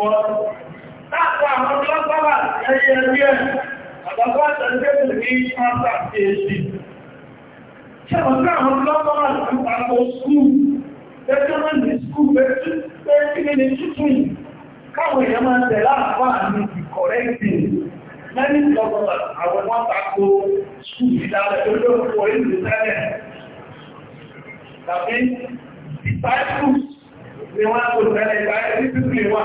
pọ̀. Láàpọ̀ àwọn ọlọ́pàá ẹyẹ ẹgbẹ́ àbàbá àtẹ́lẹ́gbẹ̀rẹ̀ ní Mata PhD. Ṣé wọ́n ká àwọn ọlọ́pàá àpapọ̀ skúù, bẹ́tẹ́mẹ́ntì skúù bẹ́tẹ́mẹ́ntì tuntun káwọn èèyàn máa tẹ̀ láàpáà ní ìkọ̀rẹ́gbìn mẹ́rin ìjọba àwọn wọ́n tako skúù ìdájọ́ olóòpó ìlú tẹ́lẹ̀ tàbí disciples ni wọ́n kò tẹ́lẹ̀ ìbáyé títí wà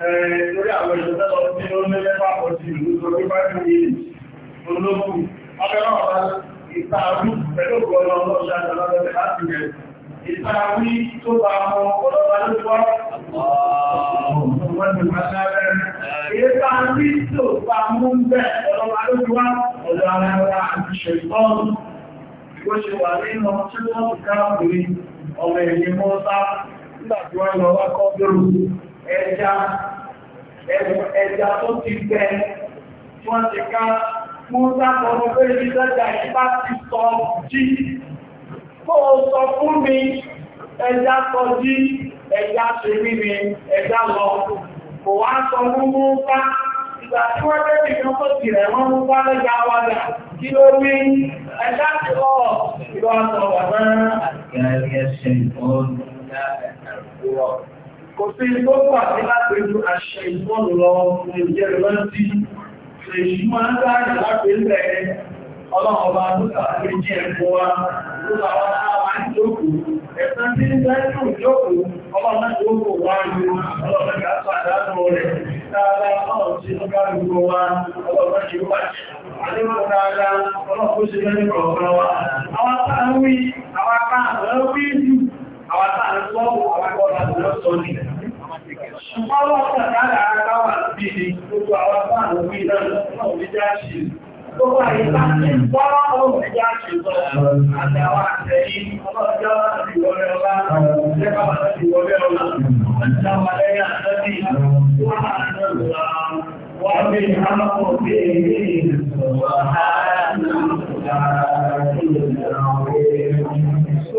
lórí àwọn ìṣẹ́lẹ̀ tí ó ní lẹ́fà ọ̀sí ìlú tó rí bá ní olókùn. Ọgbẹ̀rán ọ̀rá ìtààrú pẹ̀lú ọgbọ̀nà ọlọ́ṣà ìjọba láti rẹ̀. Ìtààrí tó bá mọ́ ọlọ́pàá ló wá. Ìtààrí tó bá mú bẹ́ẹ̀ ọlọ́pàá ló wá ọ̀dọ̀ ara ara àti ṣẹ̀gbọ́n. Ìgbó ṣe wà nínú tí wọ́n ti káàkiri ọmọ ẹ̀yìn mọ́ta nígbàtí wọ́n lọ wá kọ́ bẹ́rù ẹja ẹja tó ti gbẹ tí wọ́n ti ká fún sáfọ́nù pé ní sẹ́jà ìpá ti sọ jí kó o sọ fún mi ẹja sọ jí ẹja ṣe mí mi ẹja lọ kò wá sọ fún mú bá ìgbà tí wọ́n fẹ́ mi kan tó ti rẹ̀ wọ́n mú bá lẹ́jà wájà kí ló rí ẹja ti lọ ìlú àtọ̀wà náà àti ẹ̀rí ìfọ́nù ní àgbẹ̀rẹ̀ kò sí tó wà ní lápẹjú àṣẹ ìfọ́nù lọ ní ìjẹrẹ lọ́tí èyí máa ń dáàrì lápẹlẹ̀ ọlọ́ọ̀bá lókà méjì ẹ̀kọ́ wa lókà wá láwá ń jókòó ẹ̀sán tí ń dájú jókòó ọlọ́ọ̀bá jókòó wá ju ọlọ́ọ̀bá pàdánù rẹ̀ dáadáa ọlọ́ọ̀bá tí ó ká gbogbo wa ọlọ́ọ̀bá tí ó bàjẹ́ àdébọ̀ dáadáa ọlọ́ọ̀bá ó ṣe lẹ́nu kọ̀ọ̀kan wa àwọn táà ń wí àwọn táà ń wí jù àwọn táàrí sọ́ọ̀bù àwọn akọ́lá lọ́sọ́ ní ṣùgbọ́n wọ́n tàbí àkáwà bí i gbogbo àwọn táàrí wí náà ní jáṣì gbogbo àyíká tí ń bọ́ ọ̀rùn jáṣì sọ àti àwọn àtẹ̀yí ọlọ́jọ́ láti wọlé ọlá